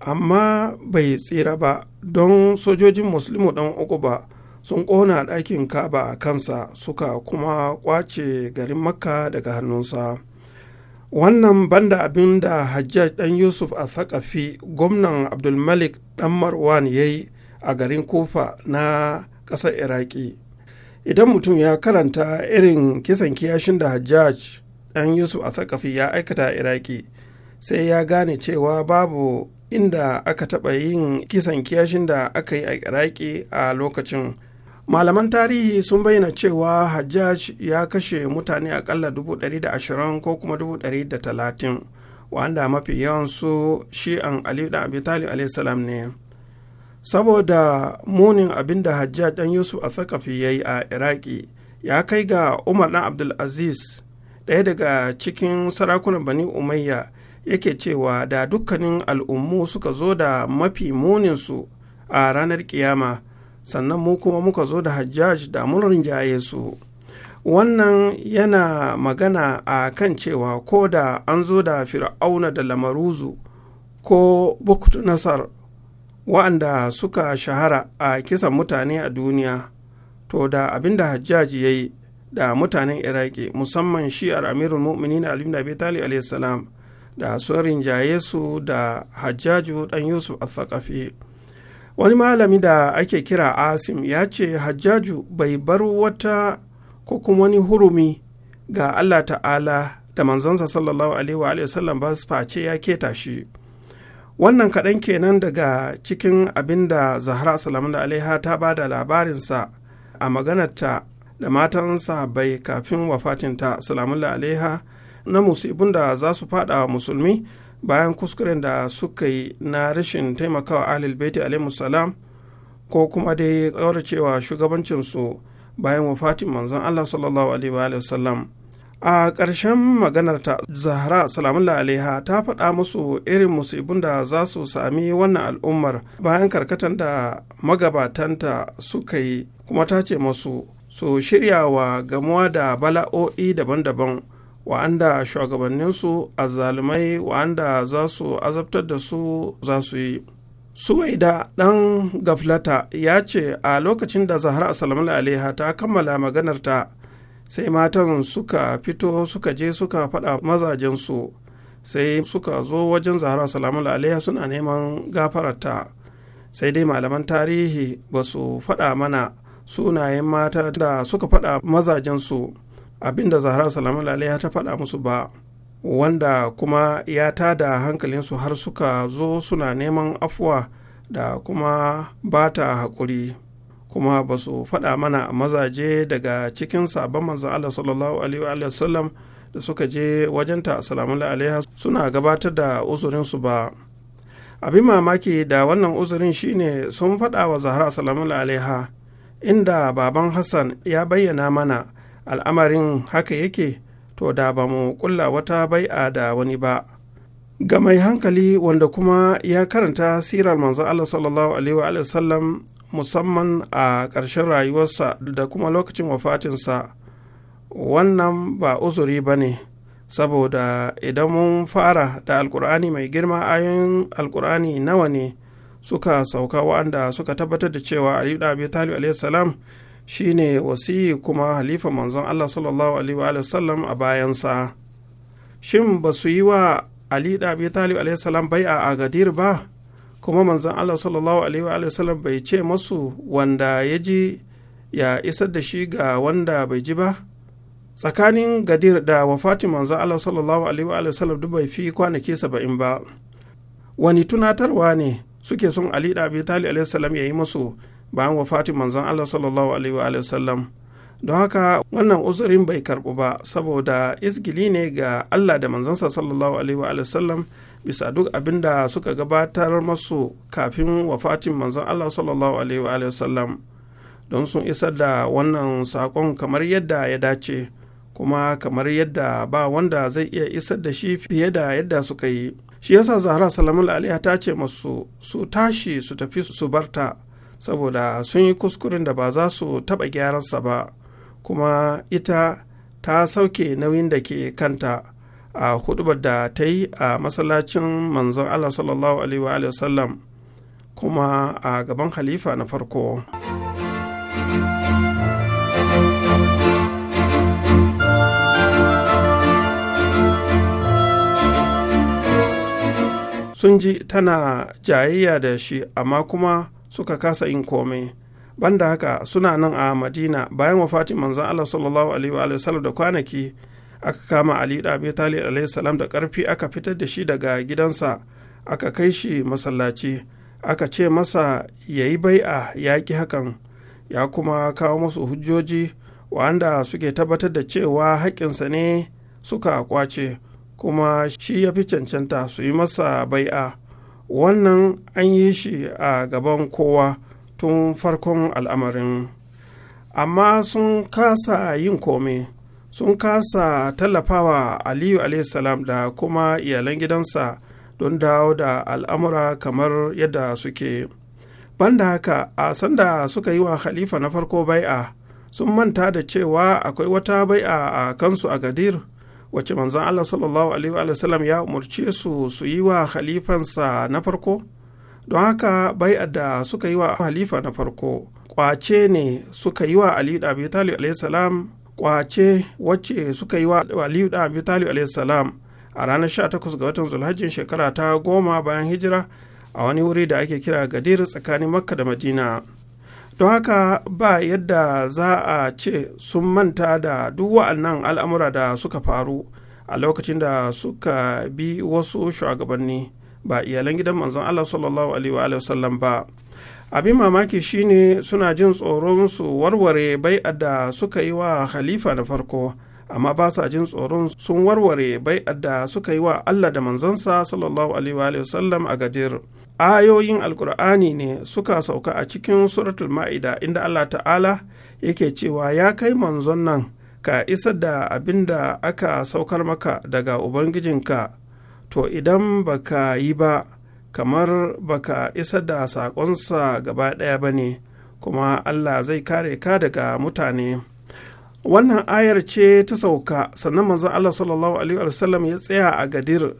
amma bai tsira ba don sojojin muslimu dan ba sun ƙona ɗakin kaba a kansa suka kuma ƙwace garin makka daga hannunsa wannan banda abin da hajjaj dan yusuf a sakafi gwamnan abdulmalik dan marwan ya yi a garin kofa na ƙasar iraki idan mutum ya karanta irin kisan kiyashin da hajjaj dan yusuf a sakafi ya aikata iraki sai ya gane cewa babu inda aka taɓa yin kisan kiyashin da aka yi a iraki a lokacin malaman tarihi sun bayyana cewa hajjaj ya kashe mutane akalla 120 ko kuma 130 wanda mafi yawansu shi'an aliyu da abi talib salam ne saboda munin abin da hajjaj dan yusuf a tsakafi ya yi a iraki ya kai ga umar dan abdulaziz ɗaya daga cikin sarakunan bani umayya yake cewa da dukkanin al'ummu suka zo da mafi muninsu a ranar kiyama sannan mu kuma muka zo da hajjaj da murin rinjaye su wannan yana magana a kan cewa ko da an zo da fir'auna da lamaruzu ko bukutu nasar wa'anda suka shahara a kisan mutane a duniya to da abin da hajjaji ya yi da mutanen iraki musamman shi'ar amirul mu'minin ali ibn abi alayhi salam da sun rinjaye da hajjaju dan yusuf a thaqafi wani malami da ake kira asim ya ce hajjaju bai bar wata ko kuma wani hurumi ga allah ta'ala da manzansa sallallahu alaihi wa sallam ba su face ya keta shi wannan kaɗan kenan daga cikin abin da zahra salamun da alaiha ta ba da labarinsa a maganarta da matansa bai kafin wafatinta salamun da alaiha na musibin da za su fada musulmi bayan kuskuren da suka yi na rashin taimakawa ahlul baiti alaihi salam ko kuma dai kauracewa shugabancinsu bayan fatin manzon Allah sallallahu alaihi wa a ƙarshen maganarta zahra salamullah alaiha ta faɗa musu irin musibin da za su sami wannan al'ummar bayan karkatan da magabatanta suka yi kuma ta ce musu su shirya wa gamuwa da bala'o'i daban-daban wa'anda shugabanninsu azzalumai wa'anda za su azabtar da su za su yi suwaida ɗan gaflata ya ce a lokacin da zahra salamun alaiha ta kammala maganarta sai matan suka fito suka je suka faɗa mazajensu sai suka zo wajen zahra salamun alaiha suna neman gafararta sai dai malaman tarihi ba su faɗa mana sunayen mata da suka faɗa mazajensu abin da zahra salamu alaiha ta faɗa musu ba wanda kuma ya tada hankalinsu har suka zo suna neman afuwa da kuma ba ta haƙuri kuma ba su faɗa mana mazaje daga cikin sabon manzan Allah sallallahu alaihi wa da suka je wajenta salamu alaiha suna gabatar da uzurinsu ba abin mamaki da wannan uzurin shine sun faɗa wa zahra salamu alaiha inda baban hassan ya bayyana mana al'amarin haka yake to da ba mu kulla wata bai'a da wani ba ga mai hankali wanda kuma ya karanta sirar manzon Allah sallallahu alaihi wa sallam musamman a ƙarshen rayuwarsa da kuma lokacin wafatinsa wannan ba uzuri ba ne saboda idan mun fara da alkur'ani mai girma ayoyin alkur'ani nawa ne suka sauka wa'anda suka tabbatar da cewa aliyu da shine wasi kuma halifa manzon Allah sallallahu alaihi wa sallam a bayansa shin ba su yi wa Ali da Abi Talib alaihi salam bai a Agadir ba kuma manzon Allah sallallahu alaihi wa sallam bai ce masu wanda ya ji ya isar da shi ga wanda bai ji ba tsakanin gadir da wafatin manzon Allah sallallahu alaihi wa sallam duk bai fi kwanaki saba'in ba wani tunatarwa ne suke son Ali da Abi Talib alaihi salam ya yi masu bayan wafatin manzon Allah sallallahu alaihi wa sallam don haka wannan uzurin bai karbu ba saboda isgili ne ga Allah da manzansa sallallahu alaihi wa sallam bisa duk abin da suka gabatar masu kafin wafatin manzon Allah sallallahu alaihi wa sallam don sun isar da wannan saƙon kamar yadda ya dace kuma kamar yadda ba wanda zai iya isar da shi fiye da yadda suka yi shi yasa zahra salamul alaihi ta ce masu su tashi su tafi su barta saboda sun yi kuskuren da ba za su taɓa gyaransa ba kuma ita ta sauke nauyin da ke kanta a hudubar da ta yi a masallacin manzon allah sallallahu alaihi wasallam kuma a gaban Khalifa na farko. sun ji tana jayayya da shi amma kuma suka kasa yin komai banda haka suna nan a madina bayan wafatin manzan allah sallallahu alaihi wa sallam da kwanaki aka kama ali da abi talib alaihi salam da karfi aka fitar da shi daga gidansa aka kai shi masallaci aka ce masa ya yi bai'a ya ki hakan ya kuma kawo masu hujjoji wanda suke tabbatar da cewa haƙƙinsa ne suka kwace kuma shi ya fi cancanta su yi masa bai'a wannan an yi shi a gaban kowa tun farkon al'amarin amma sun kasa yin kome sun kasa tallafawa aliyu salam da kuma iyalan gidansa don dawo da al'amura kamar yadda suke banda haka a sanda suka yi wa khalifa na farko bai'a sun manta da cewa akwai wata bai'a a kansu a gadir wacce manzon Allah sallallahu alaihi wa ya umarce su su yi wa halifansa na farko don haka bai da suka yi wa halifa na farko kwace ne suka yi wa Ali da Abi salam kwace wacce suka yi wa Ali da Abi salam a ranar 18 ga watan Zulhajjin shekara ta goma bayan hijira a wani wuri da ake kira Gadir tsakanin Makka da Madina. don haka ba yadda za a ce sun manta da duk wa'annan al'amura da suka faru a lokacin da suka bi wasu shugabanni ba iyalan gidan manzon Allah sallallahu alaihi wasallam ba abin mamaki shine suna jin tsoron su warware bai da suka yi wa khalifa na farko amma ba sa jin tsoron sun warware bai da suka yi wa Allah da manzansa sallallahu alaihi wasallam a gajer. ayoyin alkur'ani ne suka sauka a cikin suratul ma'ida inda allah ta'ala yake cewa ya kai manzon nan ka isa da abin da aka saukar maka daga ubangijinka to idan baka yi ba kamar baka isa da saƙonsa gaba ɗaya ba ne kuma allah zai kare ka daga mutane wannan ayar ce ta sauka sannan manzon allah sallallahu alaihi wasallam ya tsaya a gadir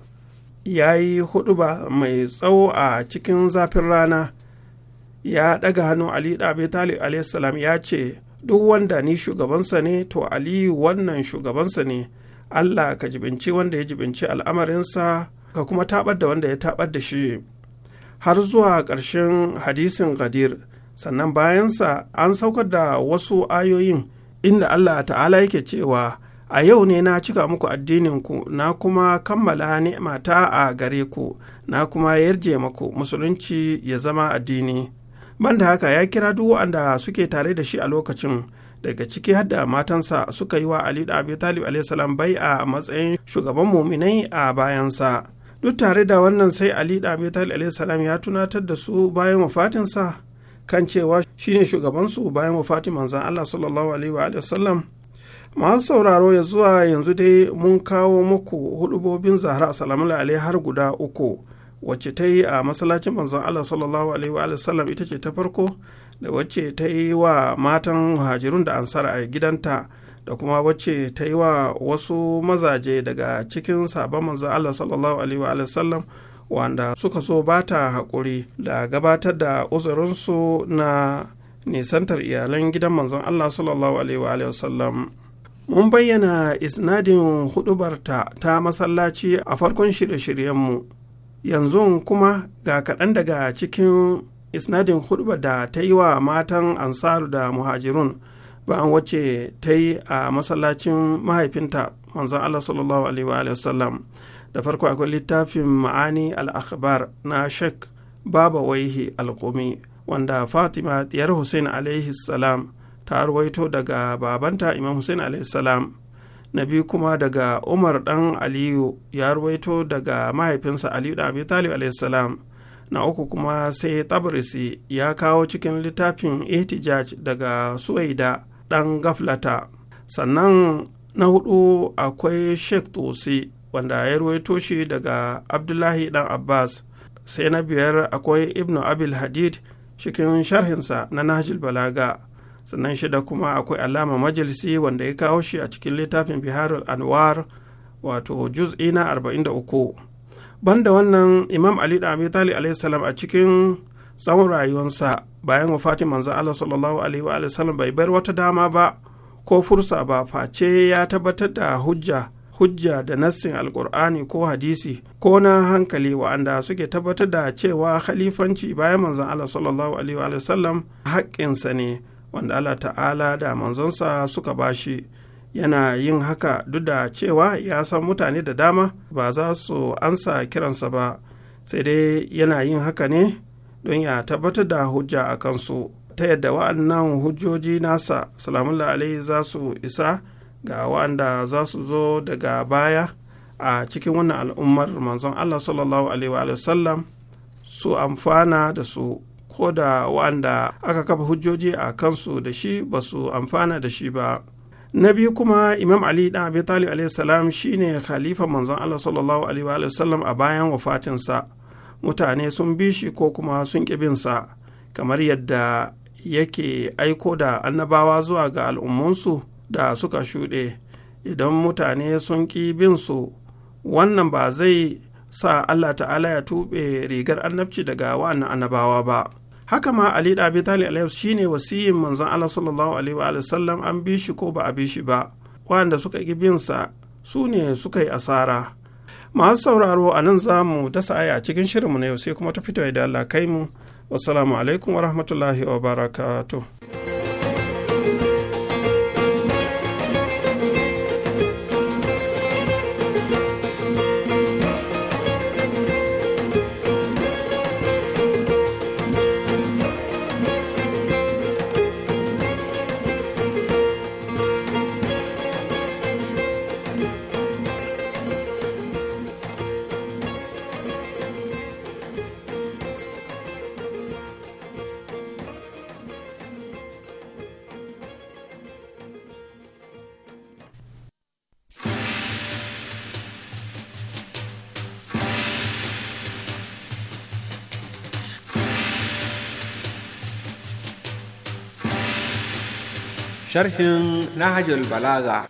ya yi huɗuba mai tsawo a cikin zafin rana ya ɗaga hannu ali ɗabi talib alaihissalam ya ce duk wanda ni shugabansa ne to Ali wannan shugabansa ne allah ka jibinci wanda ya jibinci al'amarinsa ka kuma tabar da wanda ya tabar da shi har zuwa ƙarshen hadisin gadir sannan bayansa an saukar da wasu ayoyin inda allah ta'ala yake cewa a yau ne na cika muku addininku na kuma kammala ni'mata a gare ku na kuma yarje maku musulunci ya zama addini banda haka ya kira duk waɗanda suke tare da shi a lokacin daga ciki hadda matansa suka yi wa ali da abi talib alaihissalam bai a matsayin shugaban muminai a bayansa duk tare da wannan sai ali da abi talib alaihissalam ya tunatar da su bayan wafatinsa kan cewa shine shugabansu bayan wafatin manzan allah sallallahu alaihi wa sallam masu sauraro ya zuwa yanzu dai mun kawo muku hudubobin zahra salamu alai har guda uku wacce ta yi a masallacin manzon Allah sallallahu alaihi wa sallam ita ce ta farko da wacce ta yi wa matan muhajirun da ansar a gidanta da kuma wacce ta yi wa wasu mazaje daga cikin sabon manzon Allah sallallahu alaihi wa sallam wanda suka so ba ta haƙuri da gabatar da uzurinsu na nisantar iyalan gidan manzon Allah sallallahu alaihi wa sallam. mun bayyana isnadin hudubarta ta masallaci a farkon shirye-shiryenmu yanzu kuma ga kaɗan daga cikin isnadin hudubar da ta yi wa matan ansaru da muhajirun bayan wacce ta yi a masallacin mahaifinta manzon allah sallallahu alaihi wa sallam da farko akwai littafin ma'ani al-akhbar na shek baba waihi al wanda fatima diyar hussein alaihi salam ta ruwaito daga babanta imam hussein alaihissalam na biyu kuma daga umar dan aliyu ya ruwaito daga mahaifinsa aliyu dan abi talib alaihissalam na uku kuma sai tabrisi ya kawo cikin littafin ihtijaj daga suwaida dan gaflata sannan na hudu akwai sheikh tosi wanda ya ruwaito shi daga abdullahi dan abbas sai na biyar akwai ibnu abil hadid cikin sharhinsa na nahjul balaga sannan shida kuma akwai alama majalisi wanda ya kawo shi a cikin littafin biharul anwar wato juz'i na 43 banda wannan imam ali da abi talib a cikin tsawon rayuwarsa bayan Fatima manzan allah sallallahu alaihi wa sallam bai bar wata dama ba ko fursa ba face ya tabbatar da hujja hujja da nassin alkur'ani ko hadisi ko na hankali wa'anda suke tabbatar da cewa khalifanci bayan manzan allah sallallahu alaihi wa sallam haƙƙinsa ne wanda Allah ta'ala da manzonsa suka bashi yana yin haka duk da cewa ya san mutane da dama ba za su ansa kiransa ba sai dai yana yin haka ne don ya tabbatar da hujja a kansu ta yadda wa'annan hujjoji nasa salamullah alaihi za su isa ga wa'anda za su zo daga baya a cikin wannan al'ummar manzon allah sallallahu alaihi wa sallam su amfana da su ko da wa'anda aka kafa hujjoji a kansu da shi ba su amfana da shi ba na biyu kuma imam ali ɗan abi talib alaihi salam shine khalifa manzon allah sallallahu alaihi wa a bayan wafatinsa mutane sun bi shi ko kuma sun ƙi binsa kamar yadda yake aiko da annabawa zuwa ga al'ummunsu da suka shuɗe idan mutane sun ƙi su wannan ba zai sa allah ta'ala ya tuɓe rigar annabci daga wa'annan annabawa ba haka ma ali da abi talib alaihi shine wasiyin manzon Allah sallallahu alaihi wa sallam an bi shi ko ba a bi shi ba wanda suka ki bin sa su ne suka yi asara masu sauraro a nan zamu mu dasa aya a cikin shirinmu na yau sai kuma ta fito idan Allah kai mu wassalamu alaikum wa rahmatullahi wa barakatuh sharhin Nahajul Balaga.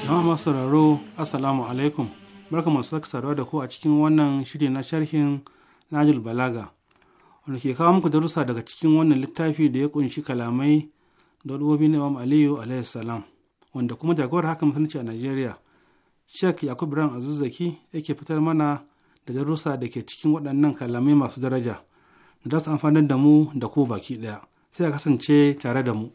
Jama'a masu sauraro, Assalamu alaikum. Barkamu saka saduwa da ku a cikin wannan shiri na sharhin Nahajul Balaga. Wanda ke kawo muku darussa daga cikin wannan littafi da ya kunshi kalamai da na Imam Aliyu alaihi salam wanda kuma jagorar haka musulunci a Najeriya Sheikh Yakub Ran Azuzaki yake fitar mana da darussa da ke cikin waɗannan kalamai masu daraja da za su amfanar da mu da ku baki ɗaya. Sai a kasance tare da mu.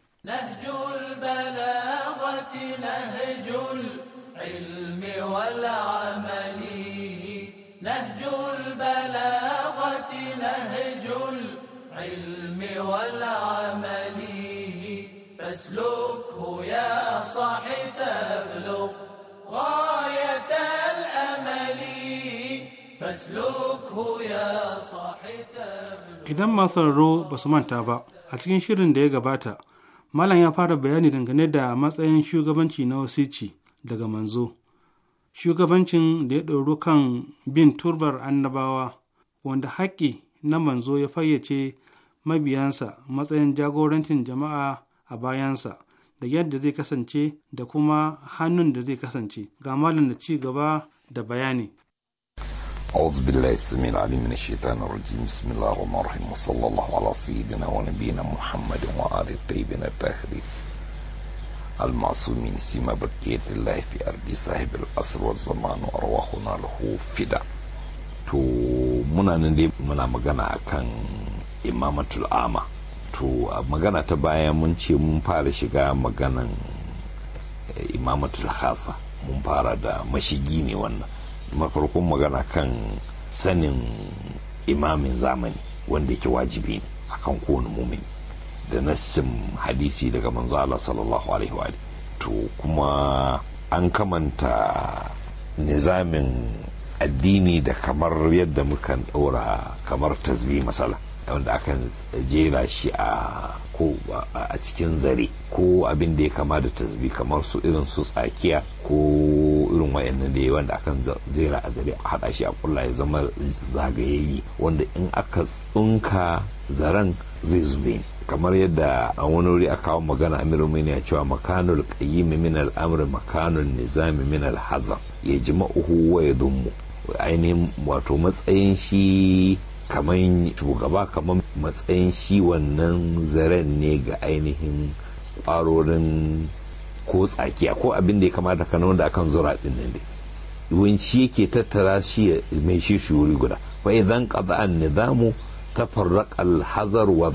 والعمل فاسلكه يا صاحب Idan masu ba su manta ba, a cikin shirin da ya gabata, Malam ya fara bayani dangane da matsayin shugabanci na wasici daga manzo. Shugabancin da ya ɗoro kan bin turbar annabawa, wanda haƙƙi na manzo ya fayyace mabiyansa matsayin jagorancin jama'a a bayansa, da yadda zai kasance da kuma hannun da zai kasance, ga malam da ci gaba da bayani. أعوذ بالله السميع العليم من الشيطان الرجيم بسم الله الرحمن الرحيم وصلى الله على سيدنا ونبينا محمد وآل الطيبين الطاهرين المعصومين سيما بقية الله في أرض صاحب الأسر والزمان وأرواحنا له فدا تو منا ندي منا مغانا كان إمامة imamatul تو مغانا تبايا منشي baya mun مغانا إمامة الخاصة shiga دا مشيجيني hasa mafarkon magana kan sanin imamin zamani wanda yake wajibi ne a akan kowane mumin da nassin hadisi daga manzo sallallahu alaihi wa to kuma an kamanta nizamin addini da kamar yadda mukan ɗaura kamar tasbi masala wanda akan jera shi a ko a cikin zare ko abin da ya kama da tasbi kamar su irin su tsakiya ko irin wayannan da ya wanda akan zera a zare a haɗa shi a kulla ya zama zagayayye wanda in aka tsunka zaren zai zube ne kamar yadda a wani wuri a kawo magana ne ya cewa makanul kayi miminal al makanul nizami min hazam ya ma'uhu wa yadummu ainihin wato matsayin shi kamar shugaba kamar matsayin shi wannan zaren ne ga ainihin kwarorin ko tsakiya ko abin da ya kamata ka da akan zura din nan dai yawanci yake tattara shi mai shi shuri guda fa idan qada an nizamu tafarraq al hazar wa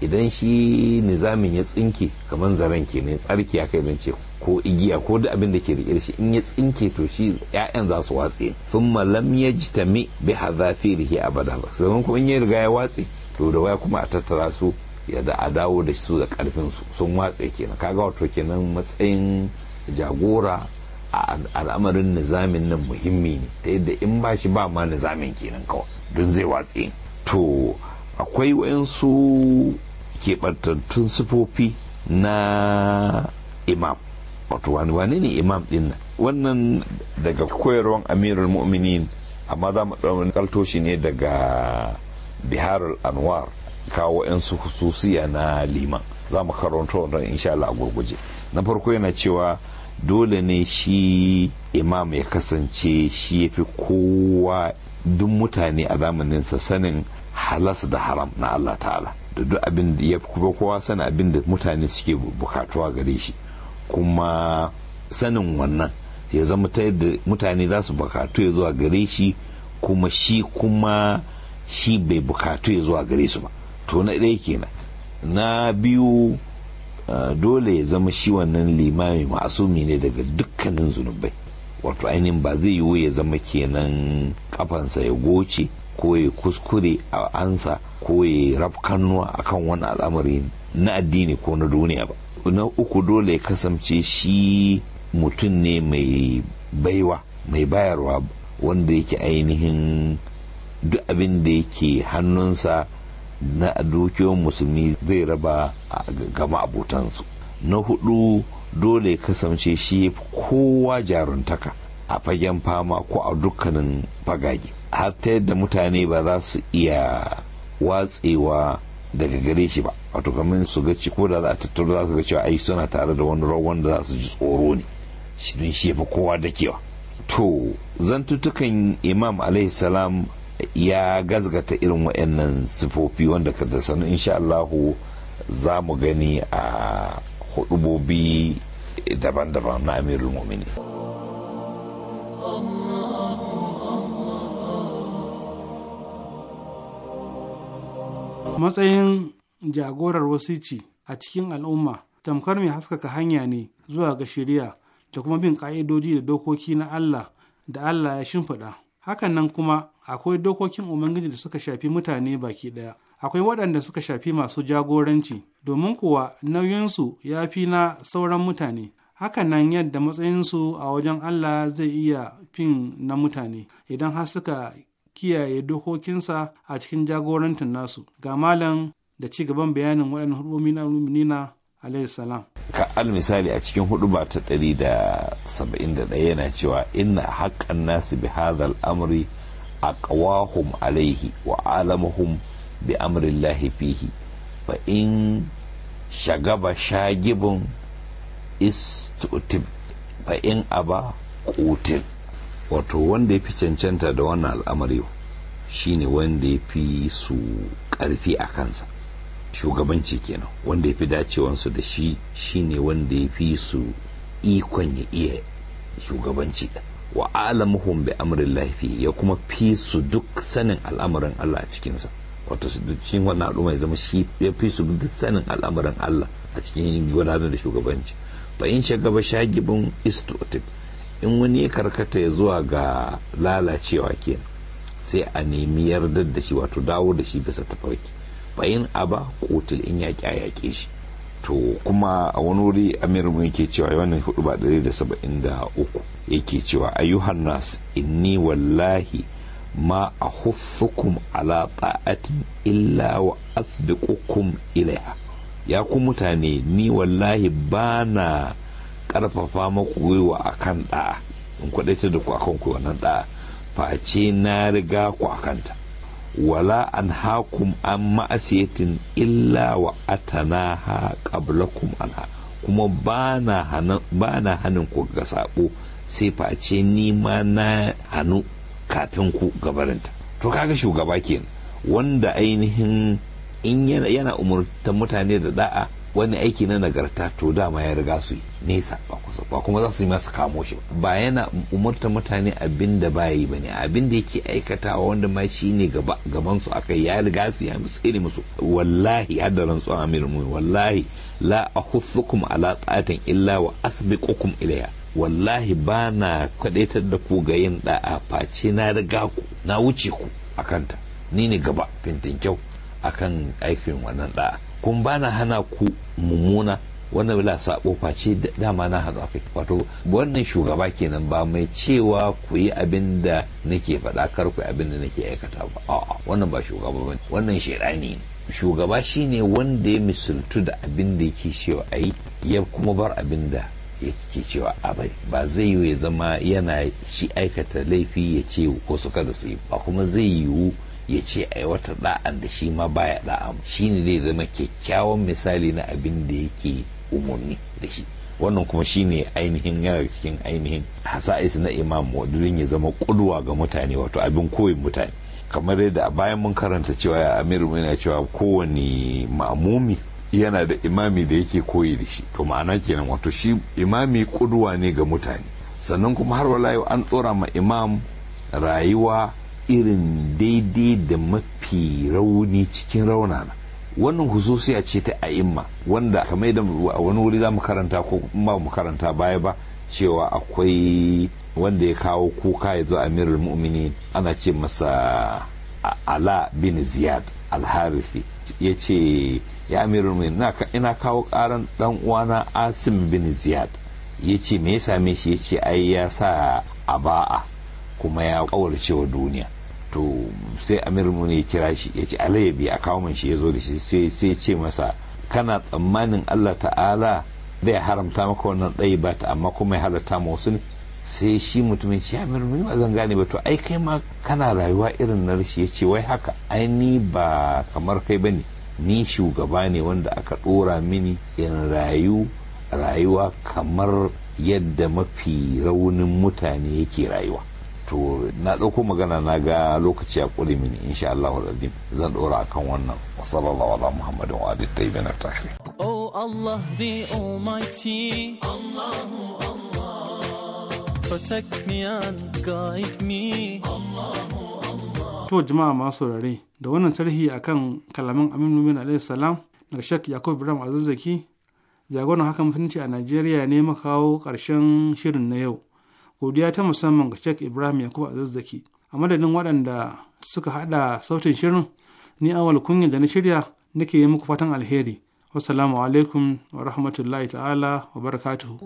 idan shi nizamin ya tsinke kamar zaren ke ne tsarki ya kai zance ko igiya ko da abin da ke rike da shi in ya tsinke to shi yayan za su watse thumma lam yajtami bi hadhafirihi abada sannan kuma in ya riga ya watse to da waya kuma a tattara su ya da a dawo da su da karfin su sun watse kenan kaga wato kenan matsayin jagora a al'amarin nizamin nan muhimmi ne ta yadda in ba shi ba ma nizamin kenan kawai don zai watse to akwai wayansu keɓantattun sufofi na imam wato wane ne imam din wannan daga koyarwan amirul mu'minin amma za mu ɗauki kaltoshi ne daga biharul anwar kawo su hususiya na liman za mu karanta wannan insha Allah a gurguje na farko yana cewa dole ne shi imam ya kasance shi yafi fi kowa duk mutane a zamaninsa sanin halas da haram na Allah ta'ala da duk abin da ya kowa sanin abin da mutane suke bukatuwa gare shi kuma sanin wannan ya zama ta yadda mutane za su bukatu ya zuwa gare shi kuma shi kuma shi bai bukatu ya zuwa gare su ba to na ɗaya kenan na biyu dole ya zama shi wannan limami ma'asumi ne daga dukkanin zunubai wato ainihin ba zai yiwu ya zama kenan kafansa ya goce ko ya kuskure a ansa ko ya rafkannuwa akan wani al'amari na addini ko na duniya ba na uku dole ya kasance shi mutum ne mai baiwa mai bayarwa wanda yake ainihin duk abin da yake hannunsa na dukiyoyin musulmi zai raba gama abotansu na hudu dole ya kasance shi kowa jaruntaka a fagen fama ko a dukkanin fagage har ta yadda mutane ba za su iya watsewa daga gare shi ba wato kamar su ga ci ko da za a tattaro za su ga cewa ai suna tare da wani rawan da za su ji tsoro ne shi shi fa kowa da kewa to zantutukan imam alaihi salam ya gazgata irin wa'annan sifofi wanda ka da sanu insha Allahu za mu gani a hudubobi daban-daban na amirul mumini matsayin jagorar wasici a cikin al'umma tamkar mai haskaka hanya ne zuwa ga shari'a da kuma bin ƙa'idodi da dokoki na Allah da Allah ya shimfiɗa. Hakan nan kuma akwai dokokin Ubangiji da suka shafi mutane baki ɗaya. Akwai waɗanda suka shafi masu jagoranci, domin kuwa nauyinsu ya fi na sauran mutane. Hakan nan yadda matsayinsu a wajen Allah zai iya fin na mutane, idan har suka kiyaye dokokinsa a cikin jagorantin nasu. Ga Malam da ci gaban bayanin waɗannan hudubomi na nina alaihi salam ka al misali a cikin ba ta ɗari da saba'in da ɗaya yana cewa ina haƙƙan nasu bi hadal amri a ƙawahum alaihi wa alamahum bi amrin lahi fihi fa in shagaba shagibin istutib fa in aba kutil wato wanda ya fi cancanta da wannan al'amari shine wanda ya fi su ƙarfi a kansa shugabanci kenan wanda ya fi dacewansu da shi shine wanda ya fi su ikon ya iya shugabanci wa alamuhum bi amrin lafi ya kuma fi su duk sanin al'amarin Allah a cikinsa wato su duk wannan al'umma ya zama shi ya fi su duk sanin al'amarin Allah a cikin gudanar da shugabanci fa in ba shagibin istotif in wani ya karkata ya zuwa ga lalacewa kenan sai a nemi yardar da shi wato dawo da shi bisa tafarki fa'in ba kotil in yaƙi a yaƙe shi to kuma a wani wuri amir mu yake cewa wannan hudu ba dare da saba'in da uku yake cewa ayyuhan nas inni wallahi ma a huffukum ala ta'atin illa wa asbiqukum ilaiha ya ku mutane ni wallahi ba na ƙarfafa maku gwiwa a kan ɗa'a in kwaɗaita da ku kan kuwa wannan ɗa'a face na riga ku a kanta. wala an hakum an ma'asiyatin illa wa atana ha qablakum anha kuma ba na hannun ku ga sabo sai face ni ma na hannu kafin ku gabarinta to kaga shugaba kenan wanda ainihin in yana umurtan mutane da da'a wani aiki na nagarta to dama ya riga su nesa ba kusa ba kuma za su yi masu kamo shi ba yana umarta mutane abin da ba yi ba ne abin da yake aikatawa wanda ma shi ne gaban su aka ya riga su ya tsere musu wallahi hadarin su amir mu wallahi la ahussukum ala illa wa asbiqukum ilaya. wallahi ba na kwadaitar da ku ga yin da'a face na riga ku na wuce ku akanta ni ne gaba fintin kyau akan aikin wannan da'a kun bana hana ku mummuna wannan bila sabo face dama na haɗu akai wato wannan shugaba kenan ba mai cewa ku yi abin da nake faɗa kar ku yi abin da nake aikata ba wannan ba shugaba ba wannan shaidani ne shugaba shine wanda ya misaltu da abin da yake cewa ayi ya kuma bar abin da yake cewa a bai ba zai yiwu ya zama yana shi aikata laifi ya ce ko su kada su yi ba kuma zai yiwu ya ce a wata da'an da shi ma baya da'an shi ne zai zama kyakkyawan misali na abin da yake umarni da shi wannan kuma shi ne ainihin yana cikin ainihin hasa'is na imam wadudin ya zama kuduwa ga mutane wato abin koyin mutane kamar yadda a bayan mun karanta cewa ya amiru yana cewa kowane ma'amumi yana da imami da yake koyi da shi to ma'ana kenan wato shi imami kuduwa ne ga mutane sannan kuma har wala an tsora ma imam rayuwa irin daidai da mafi rauni cikin raunana wannan hususiya ce ta a'imma wanda kamar da wani wuri za mu karanta ko ba mu karanta baya ba cewa akwai wanda ya kawo kuka ya zo amirul mu'mini ana ce masa ala bin ziyad alharifi ya ce ya amirul mu'mini ina kawo karan dan uwana asim bin ziyad ya ce me ya same shi ya ce ai ya sa a ba'a kuma ya kawarce wa duniya to sai amir ne kira shi ya ce alayyabi a kawo shi ya zo da shi sai ce masa kana tsammanin allah ta'ala zai haramta maka wannan tsayi ba ta amma kuma ya halatta ma wasu ne sai shi mutumin ce amir muni ba zan gane ba to ai kai ma kana rayuwa irin na rashi ya ce wai haka ai ba kamar kai ba ne ni shugaba ne wanda aka ɗora mini in rayu rayuwa kamar yadda mafi raunin mutane yake rayuwa to na ɗauko magana na ga lokaci ya ƙure mini insha Allah wadadi zan ɗora kan wannan wa sallallahu ala muhammadin wa alihi tayyibin tahiri oh Allah the almighty Allahu Allah protect me and guide me Allahu Allah to jama'a masu rare da wannan tarihi akan kalaman Aminu bin alayhi salam daga Sheikh Yakub Ibrahim Azazzaki jagoran hakan mutunci a Najeriya ne makawo ƙarshen shirin na yau godiya ta musamman ga Sheikh Ibrahim Yakubu Azazzaki a madadin waɗanda suka haɗa sautin shirin ni awal kunya da na shirya nake yi muku fatan alheri wassalamu alaikum wa rahmatullahi ta'ala wa barakatuhu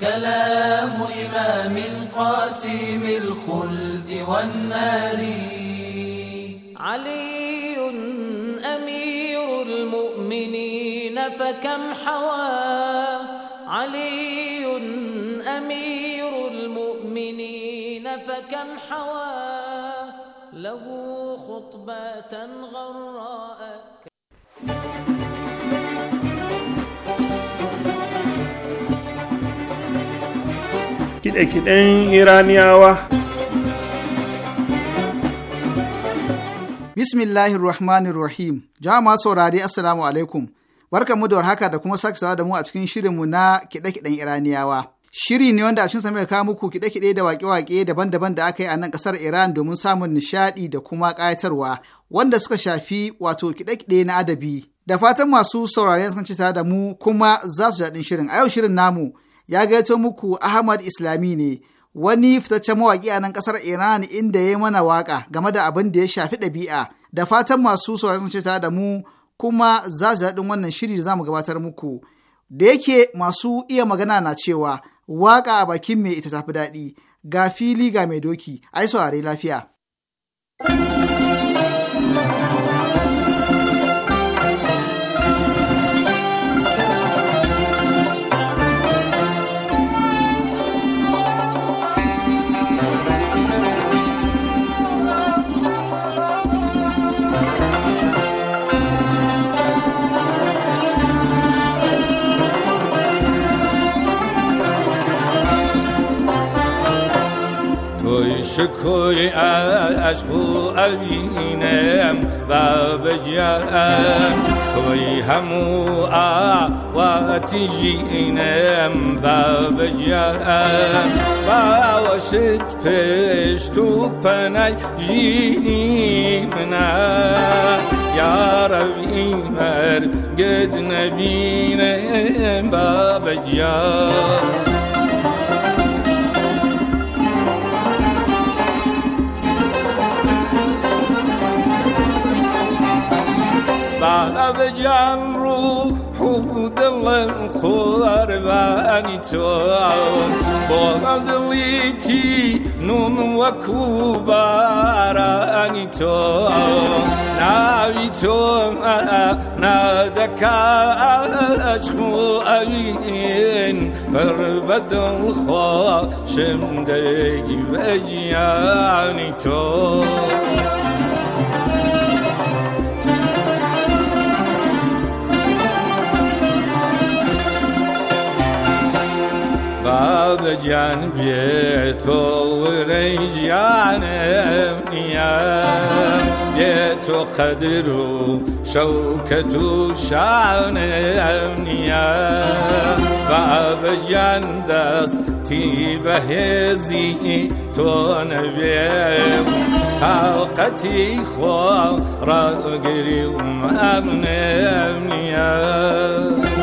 كلام إمام قاسم الخلد والنار علي كم حوى علي أمير المؤمنين فكم حوى له خطبة غراء كده كده إيرانيا بسم الله الرحمن الرحيم جاء ما سوراري السلام عليكم Barkan mu da warhaka da kuma sawa da mu a cikin mu na kiɗe-kiɗen Iraniyawa. Shiri ne wanda a cikin mai kawo muku kiɗe-kiɗe da waƙe-waƙe daban-daban da aka yi a nan ƙasar Iran domin samun nishaɗi da kuma ƙayatarwa wanda suka shafi wato kiɗe-kiɗe na adabi. Da fatan masu saurare sun ci da mu kuma za su jaɗin shirin. A yau shirin namu ya gaito muku Ahmad Islami ne wani fitaccen mawaƙi a nan ƙasar Iran inda ya yi mana waƙa game da abin da ya shafi ɗabi'a. Da fatan masu saurare sun ci da mu kuma za su daɗin wannan shiri da za mu gabatar muku. Da yake masu iya magana na cewa waƙa a bakin mai ita tafi daɗi, ga fili ga mai doki, ai saurari lafiya. شکر از خو اینم و بجرم توی همو آواتی جینم و بجرم و واسط پشت و پنج جینیم يا ربي مر قد نبينا باب الجار بعد جمرو حود لن قربان تو بعد لیتی نون و کوباران تو نهی تو ندکا عشقو این بر بدن خواه شمده و جیانی تو جان جنبی تو ریجانم نیم یه تو قدر و شوکت و شانم نیم و جان دست تی زی تو نبیم حقتی خواه را گریم امنم نیم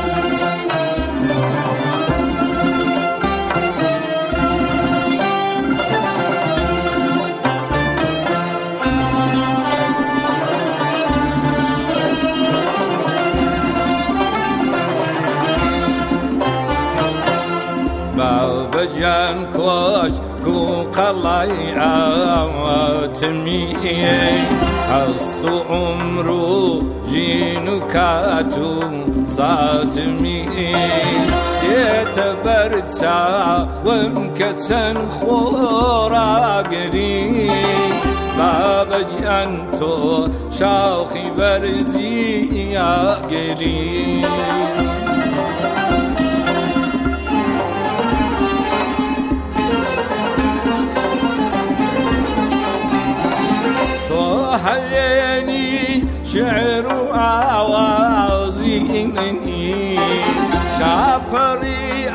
بجان كوش كو قلاي آواتمي أستو عمرو جينو كاتو صاتمي يتبرتا ومكتن خورا قريب بابا تو شاوخي برزي يا قريب شعر وآوازيني شابري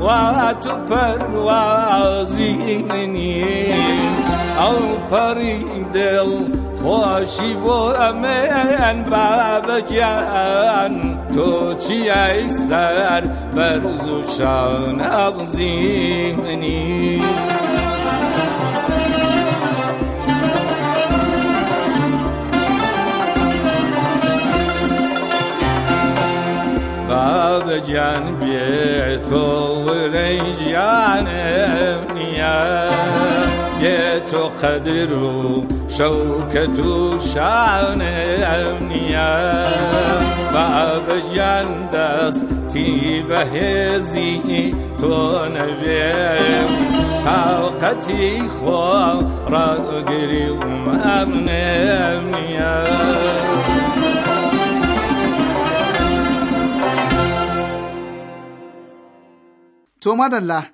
واتبر وآوازيني أو بري دل خوشی و امن باب جان تو چی ای سر بر زوشان ابزیمنی جان بی تو ریجان نیا یه تو قدر و شوکت و شان امنیه و به جان تی به هزی تو نبیم طاقتی خواه را گریم امنیم To madalla,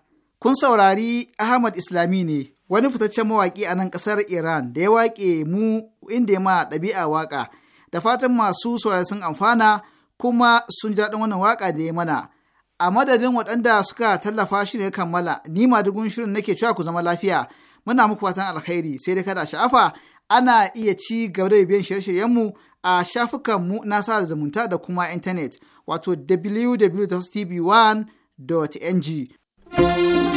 kun saurari Ahmad Islami ne, wani fitaccen mawaƙi a nan ƙasar Iran da ya waƙe mu inda ya ma ɗabi'a waƙa, da fatan masu saurari sun amfana kuma sun ji daɗin wannan waƙa da ya mana. A madadin waɗanda suka tallafa shi ne kammala, ni ma madugun shirin nake cewa ku zama lafiya. Muna muku fatan alkhairi sai dai kada sha'afa ana iya ci gaba da bibiyan shirye mu a shafukanmu na sada zumunta da kuma intanet wato www.tv1 ng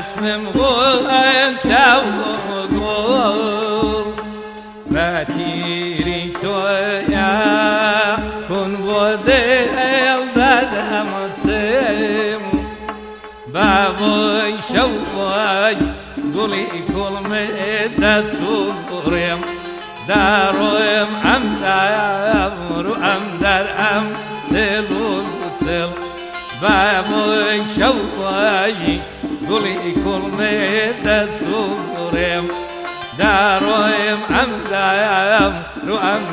اسم قوان سوقو ما تيري تويا كن بودي بدم تسيم بابوي شوي قولي كل مدى سوريم دارويم عم دار عم دار عم سلون سل بابوي شوي گوڵی کوڵمێدە سوڕێم داڕۆیم ئەم دایم رو ئەم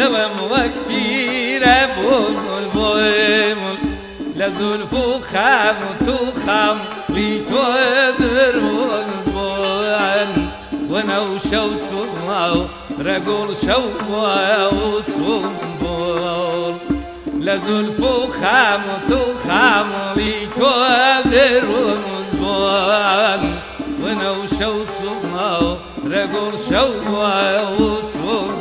دغم وكبير بول بول لازول فخام وتخام ليتودر ونزبوان وانا وشو سمعو رجل شو وسمبول لازول فخام وتخام ليتودر ونزبوان وانا وشو سمعو رجل شو وسمبول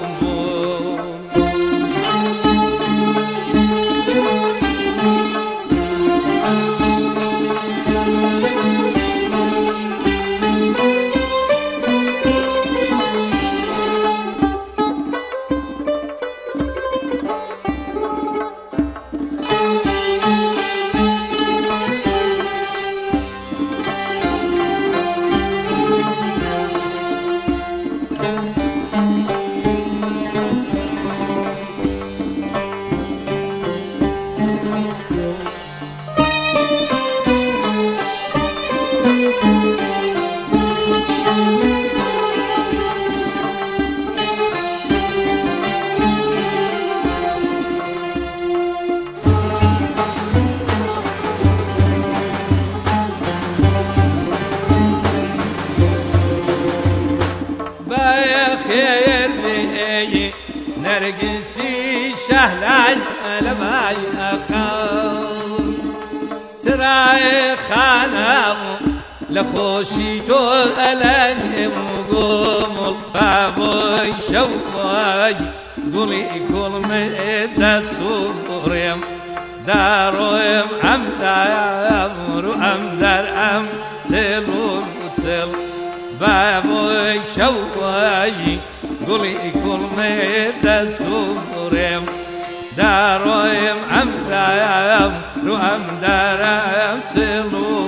خيرني نرجسي شهلاي ألم أي تراي خانم لخوشی تو الان مقوم القابوی شوای گلی گل دستوریم دارویم ام دارم رو ام دار ام سلوم سلوم بابوي الشوي قولي كل ميدا سوريم دارويم أمدام رو أمدارم سلوم